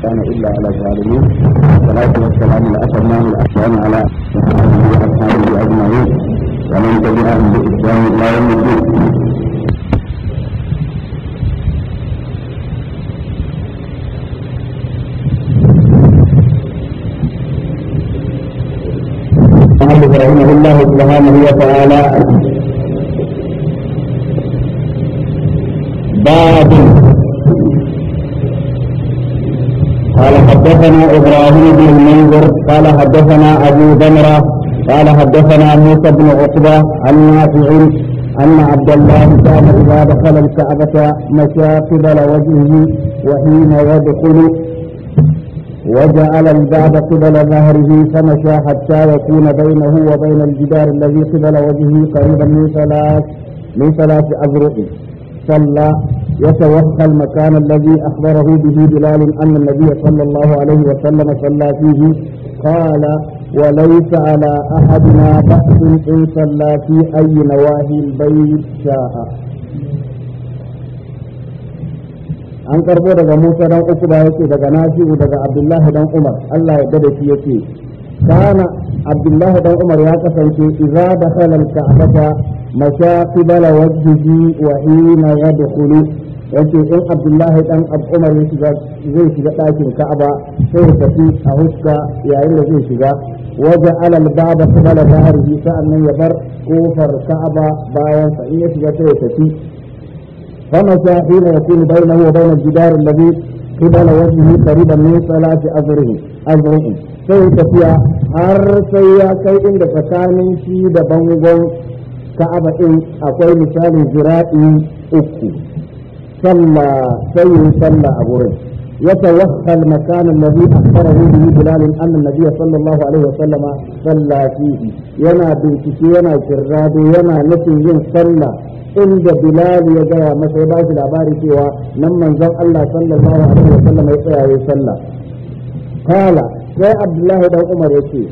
الإحسان إلا على الظالمين والصلاة والسلام الأتمان الأحسان على وأصحابه أجمعين ومن تبعهم بإحسان إلى يوم الدين رحمه الله سبحانه وتعالى باب حدثنا إبراهيم بن المنذر قال حدثنا أبو بمرة قال حدثنا موسى بن عقبة عن نافع أن عبد الله كان إذا دخل الكعبة مشى قبل وجهه وحين يدخل وجعل الباب قبل ظهره فمشى حتى يكون بينه وبين الجدار الذي قبل وجهه قريبا من ثلاث من ثلاث أذرع صلى يتوفى المكان الذي أخبره به بلال أن النبي صلى الله عليه وسلم صلى فيه قال وليس على أحدنا بأس إن صلى في أي نواهي البيت شاء an karbo daga Musa dan uku ba yake daga Nafi'u daga Abdullahi dan Umar Allah ya gada shi yake kana Abdullahi dan Umar ya kasance idza dakhala al-ka'bata masha qibala wajhihi wa hina yadkhulu yace in abdullahi dan umar ya shiga zai shiga dakin ka'aba sai ya tafi a huska yayin da zai shiga waje alal baba kubala zahiri sa'annan ya bar kofar ka'aba bayan sa in ya shiga sai ya tafi fama sa hina yakunu bainahu wa bainal jidar alladhi qibala wajhihi qariban min salati azrihi azrihi sai ya tafiya har sai ya kai inda tsakanin shi da bangon ka'aba din akwai misalin zira'i uku صلى سيد صلى أبو رجل يتوفى المكان الذي أخبره به بلال أن النبي صلى الله عليه وسلم صلى فيه ينا بنتكي ينا كراد ينا نتي صلى عند بلال يجا مسعبات العباري سوى لما انزل الله صلى الله عليه وسلم يطيع يصلى قال يا عبد الله بن عمر يقول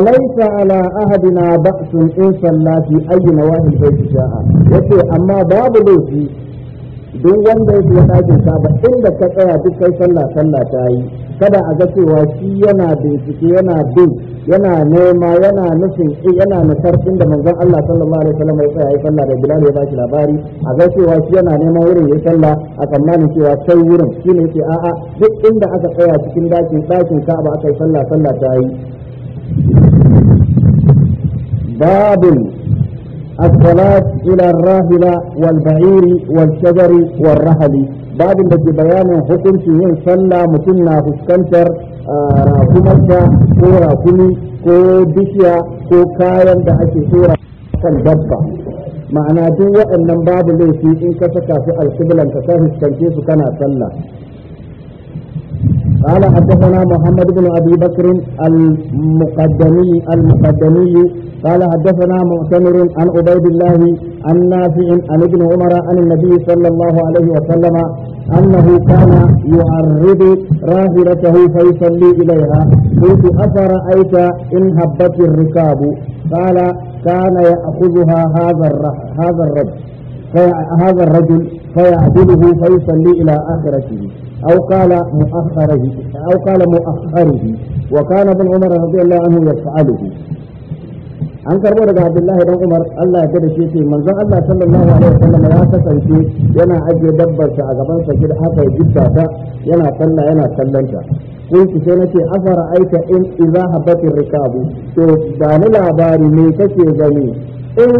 وليس على أحدنا بأس إن صلى في أي نواحي البيت شاء يقول أما باب لوتي duk wanda ya siya ɗakin kaba inda ka tsaya duk kai sallah sallah ta yi kada a ga cewa shi yana bincike yana bin yana nema yana nufin eh, yana nasar inda manzon Allah sallallahu alaihi wasallam ya tsaya ya sallah da Bilal ya bashi labari a ga cewa shi yana neman wurin ya sallah a tsammanin cewa sai wurin shine yake a'a duk inda aka tsaya cikin dakin ka ba aka yi sallah sallah ta yi babin الصلاة إلى الراهلة والبعير والشجر والرهل بعد ما بيان حكم شيء صلى متنا فسكنتر راكمتا كو راكمي كو بشيا كو كاين دا أكي سورة كالدبة ma'ana duk waɗannan babu laifi in ka saka su alƙiblan ka ka fuskance su kana sallah قال حدثنا محمد بن ابي بكر المقدمي المقدمي قال حدثنا معتمر عن عبيد الله عن نافع عن ابن عمر عن النبي صلى الله عليه وسلم انه كان يعرض راحلته فيصلي اليها قلت افرايت ان هبت الركاب قال كان ياخذها هذا هذا الرجل هذا الرجل فيعدله فيصلي الى اخرته أو قال مؤخره أو قال مؤخره وكان ابن عمر رضي الله عنه يفعله an karbo daga abdullahi dan umar Allah ya gada shi ce manzon Allah sallallahu alaihi wasallam ya kasance yana ajiye dabbar sa a gaban sa gida haka ya jidda ta yana kalla yana kallanta kunki sai nace afara aika in idza habati rikabu to ba ni labari me kake gani in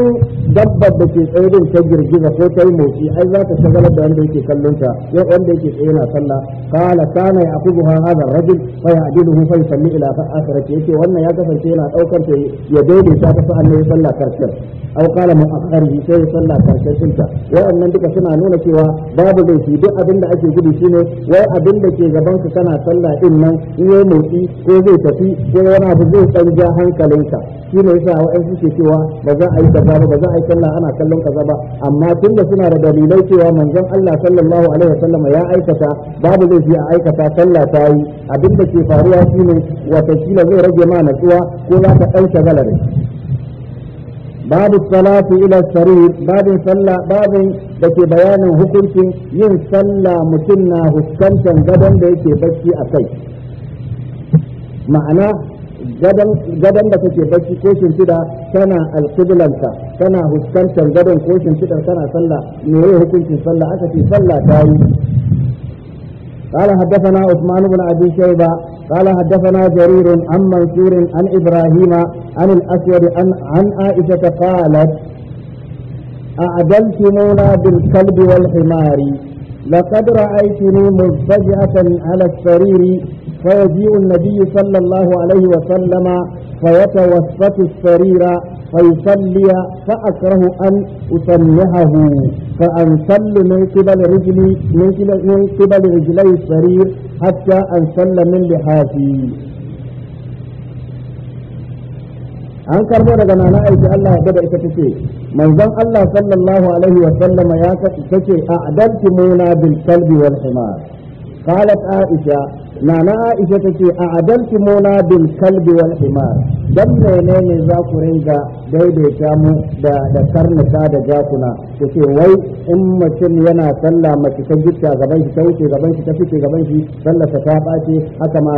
dabbar da ke tsaye din ta girgiza ko ta yi motsi ai za ta shagalar da wanda yake kallon ta wanda yake tsaye na sallah kala kana ya akubu ha hada rajul fa ya adiluhu fa yusalli ila akhirati yake wannan ya kasance yana daukar ta ya daidaita ta sa'an ne sallah karshen aw kala mu akhari sai ya sallah karshen ta wayannan duka suna nuna cewa babu laifi duk abin da ake gudu shine wai abin da ke gaban ka kana sallah din nan in yayi motsi ko zai tafi ko wani abu zai tsanja hankalinka shine yasa wa'ansu ke cewa ba za a yi yi kaza ba ba za a yi sallah ana kallon kaza ba amma tunda suna da dalilai cewa manzon Allah sallallahu alaihi wasallam ya aikata babu zai fi a aikata sallah ta yi abin da ke faruwa shine kila zai rage ma natsuwa ko za ka ɗan shagala ne باب الصلاة إلى السرير باب صلى باب دكي بيان حكمتين ين صلى متنا حكمتين غدن دكي بشي أكي معناه gadon da kake bacci ko shimfiɗa kana alƙiblanka kana huskantar gadon ko shimfiɗar kana sallah me yayi hukuncin sallah aka ce sallah ta yi قال حدثنا عثمان بن ابي شيبه قال حدثنا جرير عن منصور عن ابراهيم عن الاسود عن عن عائشه قالت اعدلتمونا بالكلب والحمار لقد رايتني مضطجعه على السرير فيجيء النبي صلى الله عليه وسلم فيتوسط السرير فيصلي فأكره أن أسمعه فأنسل من قبل رجلي من قبل رجلي السرير حتى أنسل من لحافي an karbo daga nana aiki Allah ya gada ita tace manzon Allah sallallahu alaihi wa sallama ya tace a'daltu muna bil kalbi wal himar qalat aisha nana aisha ta ce a adalci mona bin kalbi wal himar dan menene za ku ringa daidaita mu da da karnuka da jakuna ta ce wai in mutum yana sallah mace ta gicca gaban shi ta wuce gaban shi ta fice gaban shi sallar ta bace haka ma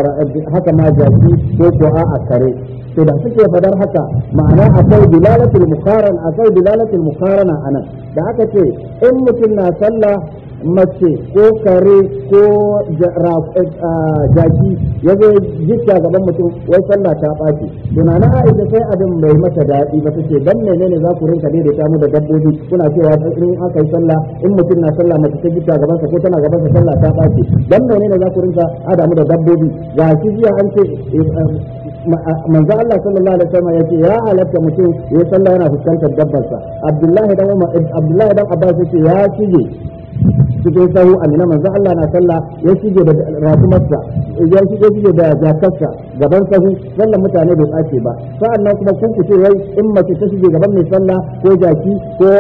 haka ma jaki ko ko a kare to da suke fadar haka ma'ana akwai dilalatul muqaran akwai dilalatul muqarana anan da aka ce in mutum na sallah mace ko kare ko eh, jaki ya zo jikya gaban mutum wai sallah ta ɓaci tunanin aisha sai abin bai mata daɗi ba tace dan menene za ku rinka da mu da dabbobi kuna cewa in aka yi sallah in mutum na sallah mace ta jikya gabansa sa ko tana gaban sallah ta ɓaci dan menene za ku rinka adamu da dabbobi ga shi jiya an ce eh, eh, manzo Allah sallallahu alaihi wasallam yace ya halatta mutum ya sallah yana fuskantar dabbarsa Abdullahi dan Umar eh, Abdullahi dan Abbas yace ya shige cikin sahu amina manzo Allah na sallah ya shige da rakumarsa ya shige shige da jakarsa gaban sahu sallan mutane bai tsace ba sa'annan kuma kun ku ce wai in mace ta shige gaban mai sallah ko jaki ko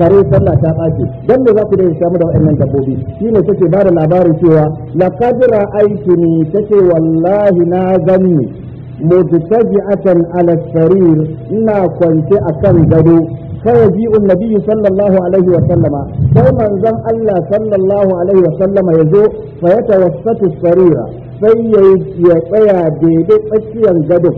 kare sallah ta tsace dan me za ku da shamu da waɗannan dabbobi shine take ba da labarin cewa laqad ra'aytuni tace wallahi na gani mutaji'atan ala sarir ina kwance akan gado فيجيء النبي صلى الله عليه وسلم كما زم الله صلى الله عليه وسلم يزوء فيتوسط السريرة فيتوسط ديدي تسكيا قدو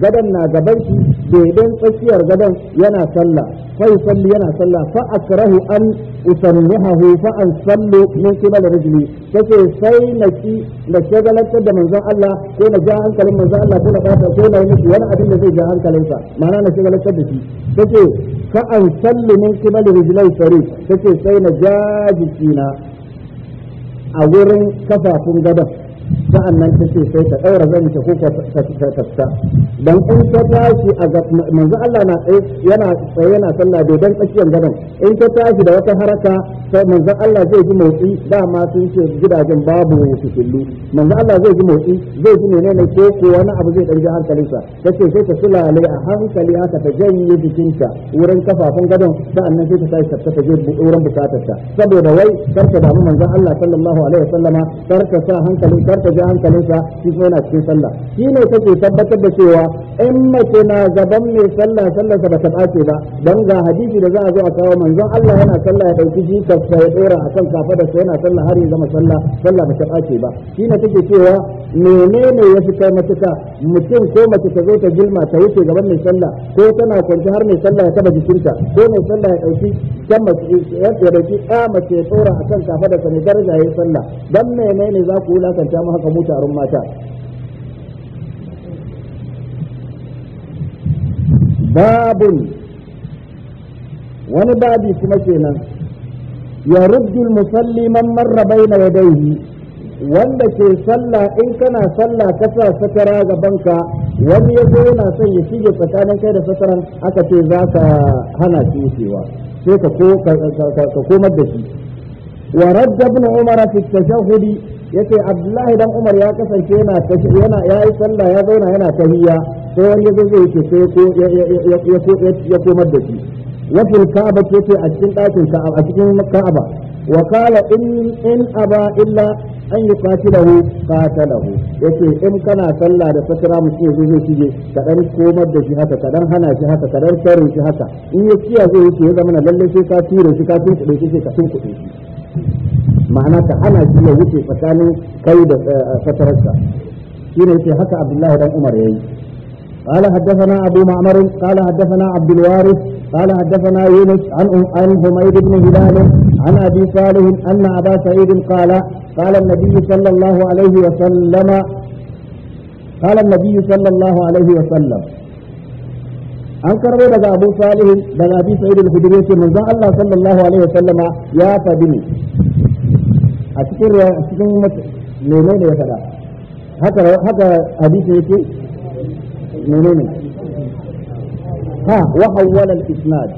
Gadon na gaban shi daidan tsakiyar gadan yana sallah fa yusalli yana sallah fa akrahu an usannihahu fa an sallu min qibal rajuli kace sai na ki na shagalantar da manzon Allah ko na ja hankalin manzon Allah ko na fata ko na yi wani abin da zai ja hankalinsa ma'ana na shagalantar da shi kace fa an sallu min qibal rajulai tariq kace sai na jajikina a wurin kafafun gadon. sa'an nan ta ce sai ta ɗaura zan ta ko ta tafsa don in ta tashi a ga manzo Allah na tsaye yana tsaye yana sallah bai dan tsakiyar gadon in ta tashi da wata haraka sai manzo Allah zai ji motsi dama sun ce gidajen babu fitillu manzo Allah zai ji motsi zai ji menene ko ko wani abu zai ɗarge hankalinsa tace sai ta sulale a hankali haka ta janye jikinta wurin kafafun gadon sa'an nan sai ta tashi ta je wurin bukatarsa saboda wai kar ta damu manzo Allah sallallahu alaihi wasallama kar ta sa hankali kar ka ji hankalinsa shi kuma yana cikin sallah shi ne kake tabbatar da cewa in mace na gaban mai sallah sallarsa ba ta ɓace ba don ga hadisi da za a zo a kawo manzon Allah yana sallah ya ɗauki shi ka ya ɗora a kan kafa da yana sallah har ya zama sallah sallah ba ta ɓace ba shi ne kake cewa menene ya fi kai matuka mutum ko mace ta zo ta gilma ta wuce gaban mai sallah ko tana kwanci har mai sallah ya taba jikinta ko mai sallah ya ɗauki kan mace ya ɗauki ɗa mace ya ɗora a kan kafa da mai daraja ya yi sallah don menene za ku wulakanta ma haka mu taron mata babun wani babi kuma kenan ya rubdul musalli man marra baina yadayhi wanda ke sallah in kana sallah ka sa satara gaban ka wani ya zo yana son ya shige tsakanin kai da sataran aka ce za ka hana shi sai ka komar da shi wa radda ibn umar fi tashahhudi yace abdullahi dan umar ya kasance yana yana yayi sallah ya zauna yana tahiyya sai wani yazo zai ce sai ko ya komar da shi wa fil ka'aba yace a cikin dakin ka'aba a cikin ka'aba wa qala in in aba illa an yuqatilahu qatalahu yace in kana sallah da sakara mutum yazo zai shige kadan komar da shi haka kadan hana shi haka kadan tare shi haka in ya kiya zai wuce ya zama lalle sai ka tire shi ka tunkuɗe shi sai ka tunkuɗe shi ma'ana ka ana shi ya wuce tsakanin kai da eh, eh, shi ne yace haka abdullahi dan umar yayi قال حدثنا أبو معمر قال حدثنا عبد الوارث قال حدثنا يونس عن عن حميد بن هلال عن أبي صالح أن أبا سعيد قال قال النبي صلى الله عليه وسلم قال النبي صلى الله عليه وسلم an um, karbo daga abu salihin daga abi sa'id al-khudri yace manzon Allah sallallahu alaihi wasallama ya fadi ne أشكر cikin cikin menene ne ya faɗa haka haka hadisi yake menene ha wa hawwala al-isnad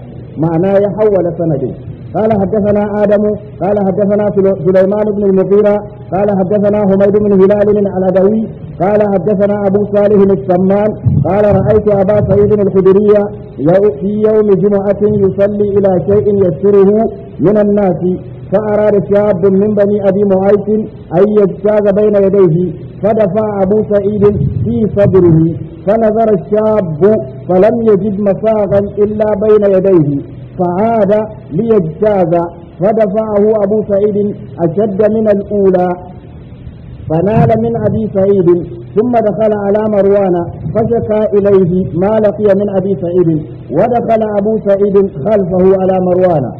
قال حدثنا آدم قال حدثنا سليمان بن المغيرة قال حدثنا حميد بن هلال العلبوي قال حدثنا أبو صالح السمان قال رأيت أبا سعيد الخدري في يوم جمعة يصلي إلى شيء يسره من الناس فأراد شاب من بني أبي معيط أن يجتاز بين يديه فدفع أبو سعيد في صدره فنظر الشاب فلم يجد مساغا إلا بين يديه فعاد ليجتاز فدفعه أبو سعيد أشد من الأولى فنال من أبي سعيد ثم دخل على مروان فشكى إليه ما لقي من أبي سعيد ودخل أبو سعيد خلفه على مروان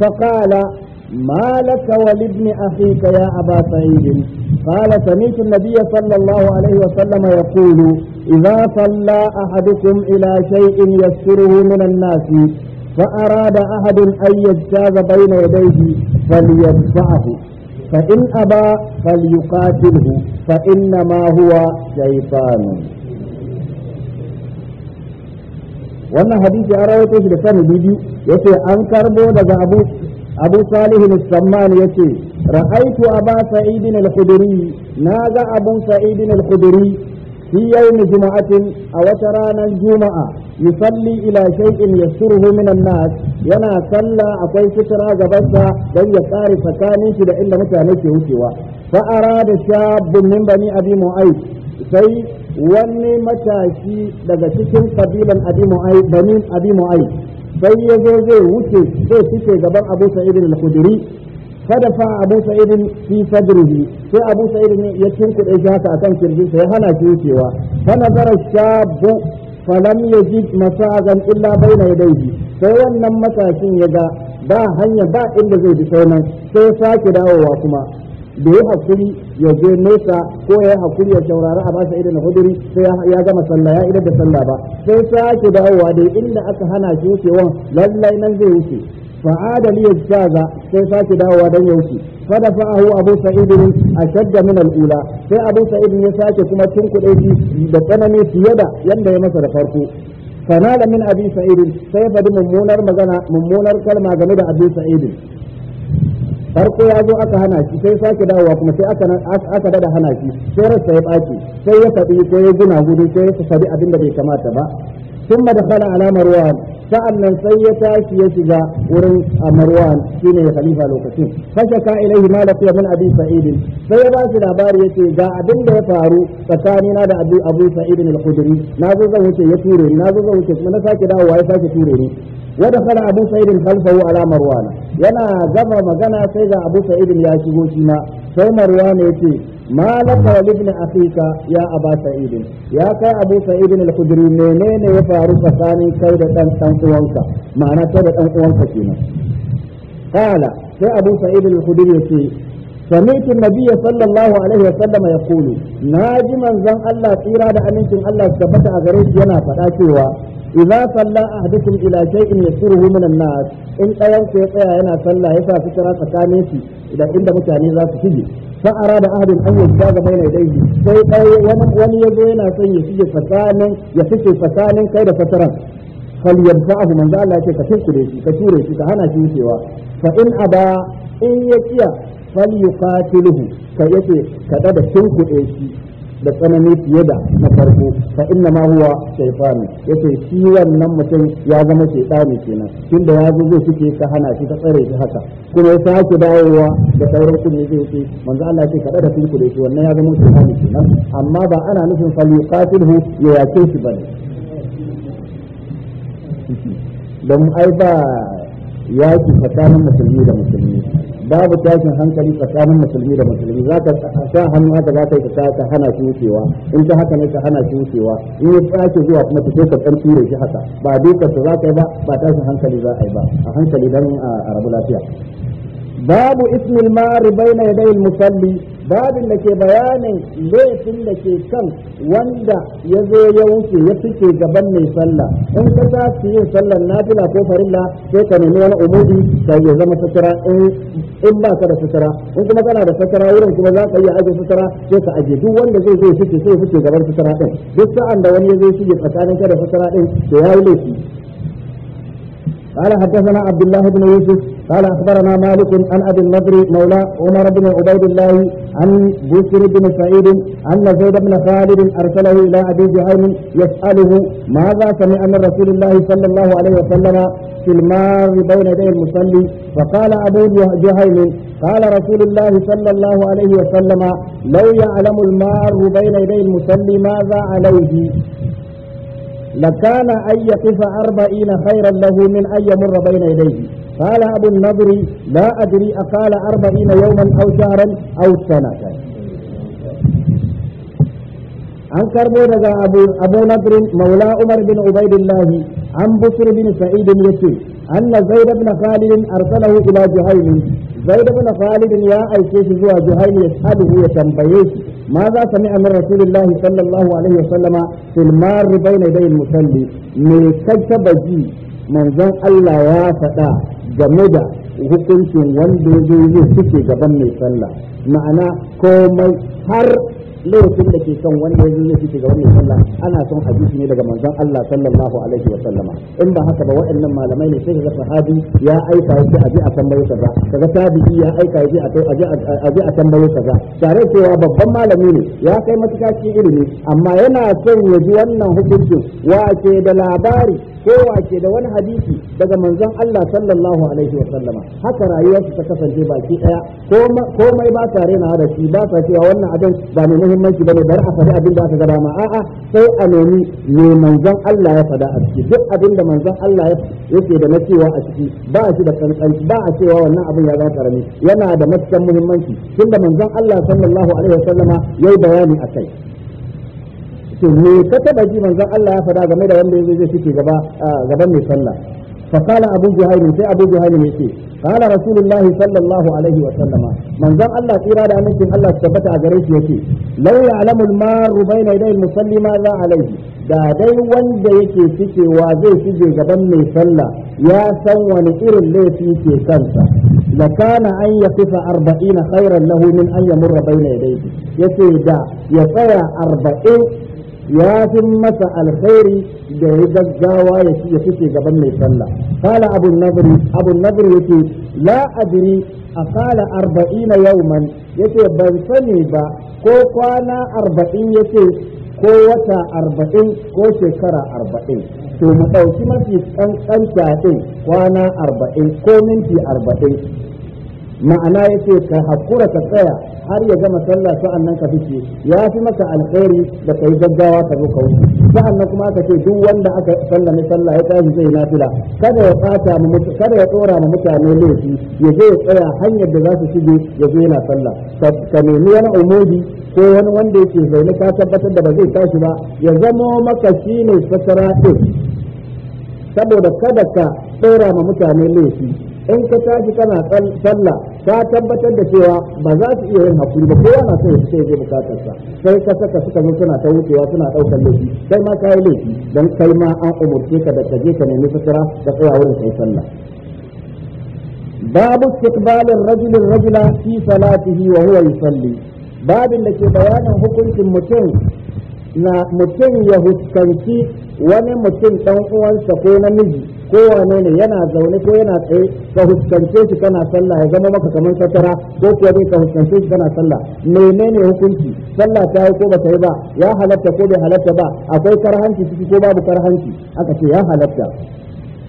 فقال ما لك ولابن أخيك يا أبا سعيد قال سمعت النبي صلى الله عليه وسلم يقول إذا صلى أحدكم إلى شيء يسره من الناس فأراد أحد أن يجتاز بين يديه فليدفعه فإن أبى فليقاتله فإنما هو شيطان wannan hadisi an rawaito shi da sanadi biyu yace an karbo daga Abu abu salihu samman ya ce ra'aitu aba sa'idin al-khudri na ga abun sa'idin al-khudri fi yawm juma'atin a wata ranar juma'a yusalli ila shay'in yasurhu min an-nas yana sallah akwai fitra gabasa dan ya kare tsakanin shi da inda mutane ke wucewa fa arada shabun min bani abi mu'ayyid sai wani matashi daga cikin kabilan abi mu'ayyid bani abi sai ya zo zai wuce zai suke gaban Abu sa'idin al-Khudri kada fa Abu sa'idin fi sadrihi sai Abu sa'idin ne ya cinkuɗe shi haka akan sa ya hana shi wucewa fa nazara shabu falam yajid masagan illa bayna yadayhi sai wannan matashin ya ga ba hanya ba inda zai bi saunan sai sake dawowa kuma da ya hakuri ya je nesa ko ya hakuri ya saurari a bashi idan huduri sai ya gama sallah ya idan da sallah ba sai sake dawowa da inda aka hana shi wucewan lallai nan zai wuce fa adali ya tsaza sai sake dawowa dan ya wuce fa'a da fa'ahu abu sa'id a ashadda min al sai abu sa'id ya sake kuma tun kuɗe shi da tsanani fiye da yanda ya masa da farko fa nada min abi sa'id sai fa mummunar magana mummunar kalma game da abi sa'id farko ya zo aka hana shi sai sake dawowa kuma sai aka aka dada hana shi sai rasa ya baki sai ya faɗi ko ya gina gudu sai ya fadi abin da bai kamata ba thumma dakhala ala marwan sa'annan sai ya tashi ya shiga wurin marwan shine khalifa lokacin fasha ka ilaihi ma laqiya min abi sai ya ba shi labari yace ga abin da ya faru tsakanina da abu abu sa'id al-khudri ya ture ni nazo zan wuce kuma na sake dawowa ya sake ture ni ya da fara abu sa'idin kalfahu ala marwana yana gaba magana sai ga abu sa'idin ya shigo shi ma sai marwana ya ce ma laka wa ya aba sa'idin ya kai abu sa'idin al menene ya faru tsakanin kai da dan dan uwanka ma'ana kai da dan uwanka kenan kala sai abu sa'idin al-kudri ya ce سمعت النبي صلى الله عليه وسلم يقول ناجما زن الله تيرا دا امنتم الله ثبت اغريت ينا فداكيوا idza salla ahadukum ila shay'in yasiruhu min an-nas in ɗayan ku ya tsaya yana sallah ya sa fitara tsakanin shi idan inda mutane za su shige fa arada ahadun an yajja baina yadayhi sai dai wani wani yazo yana son ya shige tsakanin ya fice tsakanin kai da fitaran falyadfa'ahu manzo Allah yake ka ture shi ka ture shi ka hana shi wucewa fa in aba in ya kiya falyuqatiluhu kai yake ka da tunkuɗe shi da tsanani fiye da na farko fa inna ma huwa shaytan yace shi wannan mutum ya zama shaytani kenan tunda ya zo zai suke ka hana shi ka tsare shi haka kuma ya sake dawowa da sauran ne zai ce manzo Allah ce kada da ku da shi wannan ya zama shaytani kenan amma ba ana nufin falyuqatilhu ya yake shi bane dan ai ba yaki tsakanin musulmi da musulmi babu tashin hankali tsakanin musulmi da musulmi za ka sa hannu haka za ka yi ka hana shi wucewa in ta haka ne ka hana shi wucewa in ya tsake zuwa kuma ta sai ka dan shi haka ba dukkan su za ka yi ba ba tashin hankali za a yi ba a hankali dan a rabu lafiya babu ismil ma'ari baina dayin musalli babin da ke bayanin laifin da ke kan wanda ya zo ya wuce ya fice gaban mai sallah in ka ta su yin sallar nafila ko farilla sai ka nemi wani umudi ka zama sutura in ba ka da sutura in kuma kana da sutura wurin kuma za ka iya aje sutura sai ka aje duk wanda zai zo fice sai fice gaban sutura din duk sa'an da wani ya zo shige tsakanin ka da ɗin din to ya yi laifi قال حدثنا عبد الله بن يوسف قال أخبرنا مالك عن أبي النضر مولى عمر بن عبيد الله عن بشر بن سعيد أن زيد بن خالد أرسله إلى أبي جهيم يسأله ماذا سمع من رسول الله صلى الله عليه وسلم في المار بين يدي المصلي فقال أبو جهيم قال رسول الله صلى الله عليه وسلم لو يعلم المار بين يدي المصلي ماذا عليه لكان أن يقف أربعين خيرا له من أن يمر بين يديه قال أبو النضر لا أدري أقال أربعين يوما أو شهرا أو سنة an karbo daga abu nadrin maula umar bin ubaidillah an busur bin sa'id yace anna zaid ibn khalid arsalahu ila juhaym zaid ibn khalid ya aike shi zuwa juhaym ya ya tambaye shi ماذا سمع من رسول الله صلى الله عليه وسلم في المار بين يدي المصلي من كتب جي من ذن الله يا فدا جمدا hukuncin wanda ya zo zai suke gaban mai sallah ma'ana komai har lokacin da ke kan wanda ya zai shi ga wannan sallah ana son hadisi ne daga manzon Allah sallallahu alaihi wa sallama in ba haka ba waɗannan malamai ne sai ga sahabi ya aika yake aje a tambaye kaza kaga tabi'i ya aika yake a aje a tambaye kaza tare cewa babban malami ne ya kai matuƙa ilimi amma yana son ya ji wannan hukuncin wace da labari kowa ke da wani hadisi daga manzon Allah sallallahu alaihi wa sallama haka rayuwarsu ta kasance baki daya komai ba tare na da shi ba sa cewa wannan abin ba ne neman bane bari a faɗi abin da aka ga dama a'a sai a nemi me manzon Allah ya faɗa a ciki duk abin da manzon Allah yake da na cewa a ciki ba a shi da kankanci ba a cewa wannan abin ya za karami yana da matukan muhimmanci tunda manzon Allah sallallahu alaihi wasallama yayi bayani akai to me ka taba ji manzon Allah ya faɗa game da wanda yazo zai fike gaba gaban mai sallah فقال أبو جهير في أبو جهير يقول قال رسول الله صلى الله عليه وسلم من ذا الله إرادة مثل الله ثبت أجريش a لو يعلم المار بين يدي المصلي ماذا عليه da dai wanda yake fikewa zai fije gaban mai sallah ya san wani irin laifi ke kansa da kana an ya kifa arba'ina khairan lahu min an yamurra bayna yadayhi yace da ya tsaya arba'in ya fi masa alkhairi da ya gaggawa ya ci ya fice gaban mai sallah kala abu nadri abu nadri yake la adri akala arba'ina yawman yace ban sani ba ko kwana arba'in yace ko wata arba'in ko shekara arba'in to mu ɗauki mafi ƙanƙanta ɗin kwana arba'in ko minti arba'in ma'ana yace ka hakura ka tsaya har ya gama sallah sa'annan ka fice ya fi maka alkhairi da kai gaggawa ka zo ka wuce kuma aka ce duk wanda aka sallame sallah ya tashi zai nafila kada ya fata mu kada ya tsora mu mutane laifi ya je ya tsaya hanyar da za su shige ya zo yana sallah ka nemi wani umudi ko wani wanda yake zaune ka tabbatar da ba zai tashi ba ya zamo maka shine sakara saboda kada ka tsora ma mutane laifi in ka tashi kana sallah ka tabbatar da cewa ba za su iya yin hakuri ba kowa na son ya zai yaje bukatar sa sai ka saka suka zo suna ta wucewa suna daukar laifi kai ma kai laifi don kai ma an umarce ka da ka je ka nemi sutura da tsaya wurin kai sallah babu istiqbalin rajulin rajula fi salatihi wa huwa yusalli babin da ke bayanin hukuncin mutum na mutum ya huskanci wani mutum ɗan uwansa ko namiji ko wane ne yana zaune ko yana tsaye ka huskance shi kana sallah ya zama maka kamar satara ko kuwa dai ka huskance shi kana sallah menene hukunci sallah ta yi ko ba ta yi ba ya halatta ko bai halatta ba akwai karhanci ciki ko babu karhanci aka ce ya halatta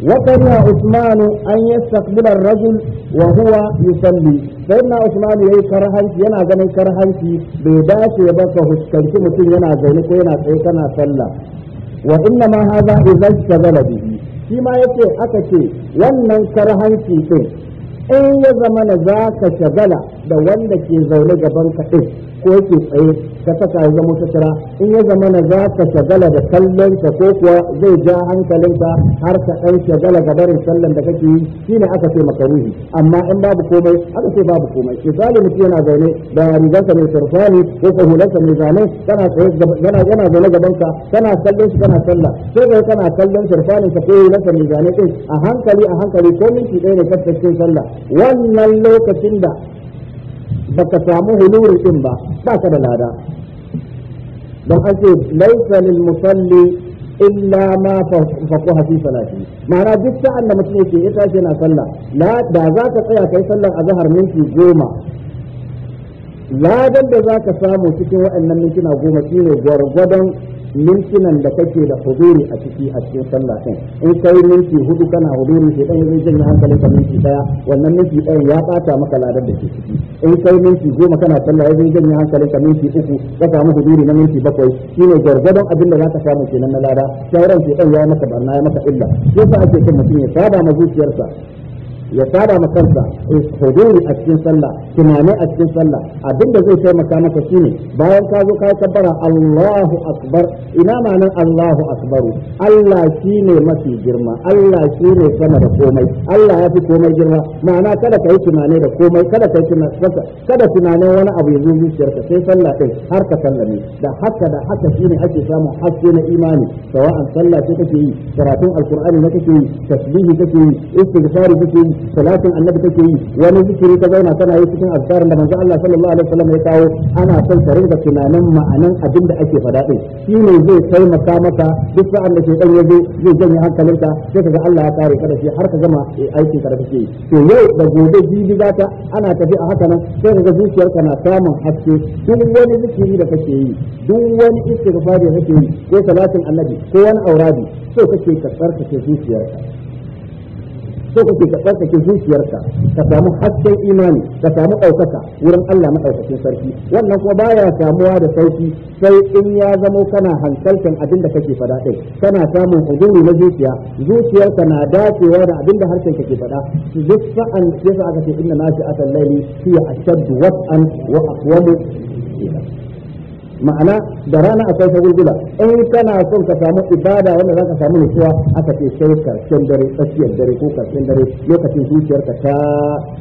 وكره عثمان أن يستقبل الرجل وهو يصلي سيدنا عثمان يي كرهن ينا غني كرهن بيداش يبقى هسكنت متين ينا زين كو yana تsaye kana sallah wa inna ma hadha idza shagala bihi shi ma yace aka ce wannan karhanci din in ya zama na ka shagala da wanda ke zaune gaban ka ko yake tsaye ka saka ya zama ta tara in ya zama na za ka shagala da kallon ka ko kuwa zai ja hankalinka har ka dan shagala ga barin sallan da kake yi shine aka ce makaruhi amma in babu komai aka ce babu komai misali mutum yana zaune da rigarsa mai sarfani ko ko hularsa mai zane kana tsaye yana yana zaune gaban ka kana kallon shi kana sallah sai kai kana kallon sarfanin ka ko hularsa mai zane din a hankali a hankali ko minti ɗaya ne kafin sallah wannan lokacin da baka samu huluri din ba ba ka da lada don an ce laisa lil musalli illa ma faqaha fi salati ma'ana duk sa'an da mutum yake ya tashi yana sallah la da za ka tsaya kai sallar azhar minti goma ladar da za ka samu cikin waɗannan mintuna goma shine gwargwadon mintunan da kake da huduri a ciki a cikin sallah din in kai minti hudu kana huduri sai dan zai janye hankalin ka minti daya wannan minti ɗayan ya bata maka ladar da ke ciki in kai minti goma kana sallah zai janye hankalin ka minti uku ka samu huduri na minti bakwai shine gargadon abin da ka samu kenan na lada sauran sai ɗan ya maka barna ya maka illa yasa ake son mutum ya saba ma zuciyarsa ya saba ma kansa huduri a cikin sallah tunani a cikin sallah abin da zai taimaka maka shine bayan ka zo ka tabbara Allahu akbar ina ma'anar Allahu akbaru Allah shine mafi girma Allah shine sama da komai Allah ya fi komai girma ma'ana kada ka yi tunani da komai kada ka yi tunani kada tunanin wani abu ya zo zuciyarka sai sallah ɗin har ka sallame da haka da haka shine ake samun haske na imani sawa'an sallah ce kake yi karatun alqur'ani ne kake yi tasbihi kake yi istighfar kake yi salatin annabi take yi wani zikiri ta zauna tana yi cikin azkarin da manzo Allah sallallahu alaihi wasallam ya kawo ana son ka rinka tunanin ma'anan abin da ake faɗa din shine zai taimaka maka duk sa'an da shedan ya zo zai janye hankalinka sai kaga Allah ya kare ka da shi har ka gama aikin ka da kake yi to yau da gobe jibi zata ana tafi a haka nan sai kaga zuciyarka na samun haske duk wani zikiri da kake yi duk wani istighfar da kake yi ko salatin annabi ko wani aurabi so kake ka tsarkake zuciyarka so kake ka tsarkake zuciyarka ka samu hasken imani ka samu ɗaukaka wurin Allah maɗaukakin sarki wannan kuma baya samuwa da sauki sai in ya zamo kana hankalcin abin da kake faɗa ɗin kana samun huzuri na zuciya zuciyarka na dacewa da abin da harshen ke faɗa duk sa'an yasa aka ce inna nashi atal laili hiya ashaddu wat'an wa aqwamu ma'ana da rana akwai gida in kana son ka samu ibada wanda za ka samu nutsuwa aka ce sai karshen dare tsakiyar dare ko karshen dare lokacin zuciyarka ta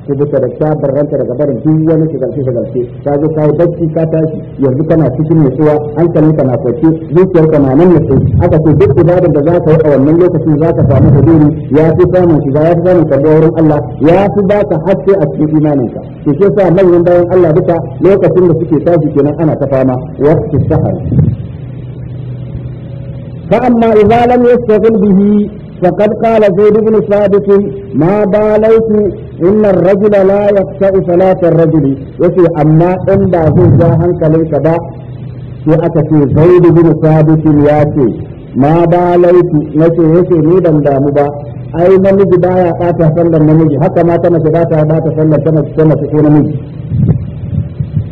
kubuta da ta barranta daga barin duk wani shigalce shigalce ta zo kayi bacci ka tashi yanzu kana cikin nutsuwa ka na kwace zuciyarka na nan nutsu aka ce duk ibadar da za ka yi a wannan lokacin za ka samu huduri ya fi samun shiga ya fi samun karɓar wurin Allah ya fi ba ka haske a cikin imaninka keke sa sa manyan bayan Allah duka lokacin da suke tashi kenan ana ta fama وقت السفر فأما إذا لم يستغل به فقد قال زيد بن ثابت ما باليت إن الرجل لا يقطع صلاة الرجل وفي أما إن باهو جاها كليك با في أتكي زيد بن ثابت ياتي ما باليت نسي يسي ميدا دام با أي نجي بايا قاتا صلى النمج حتى ما تمت باتا باتا صلى تمت تمت تكون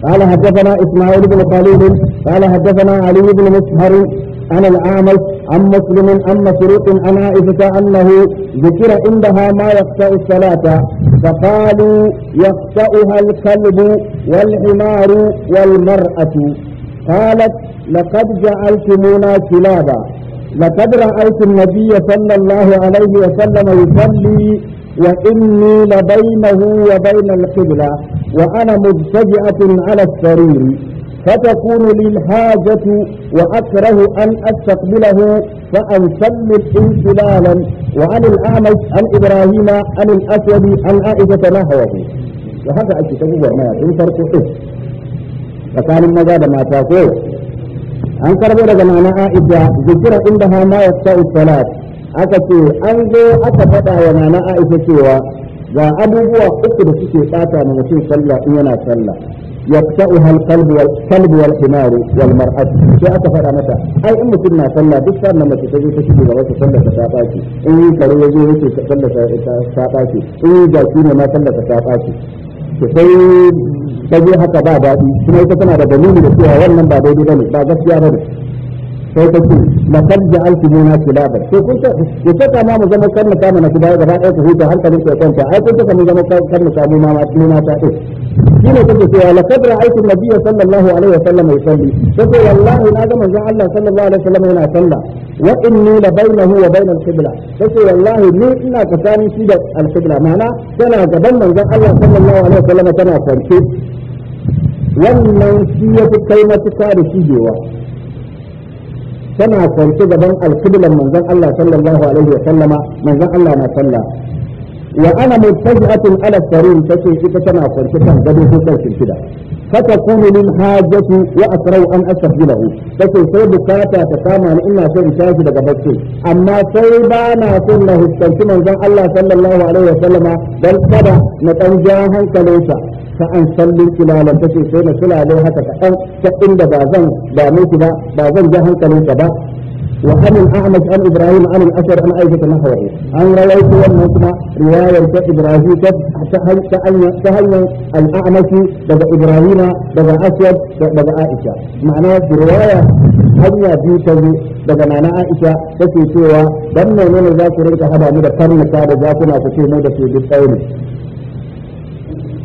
قال حدثنا إسماعيل بن خليل قال حدثنا علي بن مسهر عن الاعمل عن مسلم عن مسروق عن عائشة أنه ذكر عندها ما يقطع الصلاة فقالوا يقطعها الكلب والحمار والمرأة قالت لقد جعلتمونا كلابا لقد رأيت النبي صلى الله عليه وسلم يصلي وإني لبينه وبين القبلة وأنا مضطجعة على السرير فتكون لي الحاجة وأكره أن أستقبله فأنسلل انسلالا وعن الأعمش عن إبراهيم عن الأسود عن عائشة نحوه وهذا أشي تقول ما يقول فرق فكان المجال ما تقول أن كربو لك معنى عائشة ذكر عندها ما يقطع الصلاة أكتو أنجو أكفتها ومعنى عائشة سوى ga abubuwa uku da suke tsata na mutum sallah in yana sallah يقطعها القلب والقلب والحمار والمرأة شيء أكفر متى أي أم كنا صلى بكثر لما تسجي تشجي لغاية صلى تساقاتي إن كرو يجي هيك صلى تساقاتي إن جاكين ما صلى تساقاتي sai ta je haka ba daɗi kuma ita tana da dalili da cewa wannan ba daidai bane ba gaskiya bane sai ta ce laqad ja'altumuna kilaba to kun ta ya saka ma mu zama kan mutama na kidaya gaba ɗaya ku huta hankalin ku ya kwanta ai kun ta mu zama kan mutama ma ma tuna ta ce shine take cewa laqad ra'aytu an-nabiyya sallallahu alaihi wasallam yusalli sai wallahi na ga manzon Allah sallallahu alaihi wasallam yana sallah wa inni la bainahu wa bainal qibla sai wallahi ni ina tsakanin shi da al-qibla ma'ana tana gaban manzon Allah sallallahu alaihi wasallam tana kwance wannan shi ya fi kai matuka da shigewa tana kwance gaban alkiblan manzon Allah sallallahu alaihi wa sallama manzon Allah na sallah wa ana muttajatun ala sarir tace ita tana kwance kan gado ko kan shimfida فتكون من حاجتي وأسرع أن أستقبله لكن سي بكاتا تسامى إنا سي شاهد لقبتي أما سي بانا كله Allah sallallahu alaihi wa sallama عليه وسلم na كذا نتنجاها hankalinsa. fa an sallin kilalan tace sai na sulale haka kaɗan ta inda ba zan damu ki ba ba zan ji hankalinka ba وعن الأعمش عن إبراهيم عن الأشر عن عائشة نحوه عن رويت ومنكما رواية إبراهيم تهل تهل الأعمش بدا إبراهيم بدا أسود بدا عائشة معناه في رواية hanya biyu ta zo daga nana Aisha take cewa dan menene za ku rinka hada mu da karnuka da zakuna ku ce mu da su duk tsaye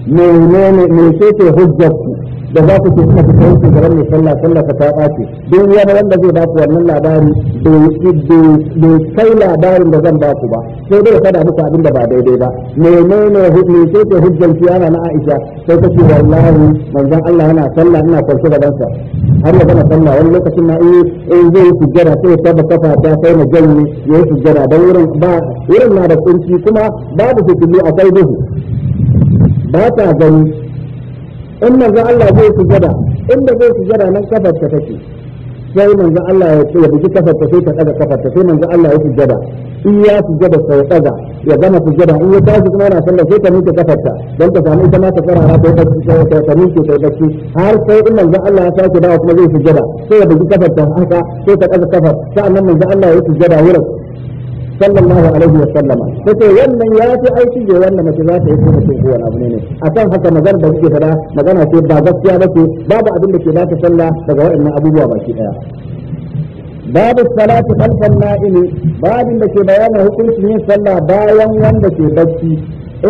menene me ce hujjar ku da za ku ce kuka kai ku garin sallah sallah ka ta ɓace duk wani wanda zai ba ku wannan labari bai kai labarin da zan ba ku ba sai dai faɗa muku abin da ba daidai ba menene me ce ce hujjar kiyama na Aisha sai ta ce wallahi manzon Allah yana sallah ina kwance gaban sa har ya gama sallah wani lokacin na in in zai sujjada sai ya taba kafa ta sai na janye ya yi sujjada dan wurin ba wurin na da kunci kuma babu fitilu kai duhu ba ta gani in manzo Allah zai gada inda zai gada nan kafar ta take sai manzo Allah ya ce ya buki kafar ta sai ta daga kafar ta sai manzo Allah ya su gada in ya gada sai daga ya gama gada in ya tashi kuma yana sallah sai ta miƙe kafar ta don ta samu ita ma ta karara ta bacci ta ta miƙe ta bacci har sai in manzo Allah ya sake dawo kuma zai su gada sai ya buki kafar ta haka sai ta daga kafar sa'annan manzo Allah ya su gada wurin sallallahu alaihi wasallama sai wannan ya fi aiki da wannan mace za ta yi ko mutum ko wani abu ne akan haka magana da kuke fada magana ce ba gaskiya ba ce babu abin da ke ba ta sallah daga waɗannan abubuwa baki daya babu salatu kalfan na'imi babin da ke bayanin hukuncin yin sallah bayan wanda ke bacci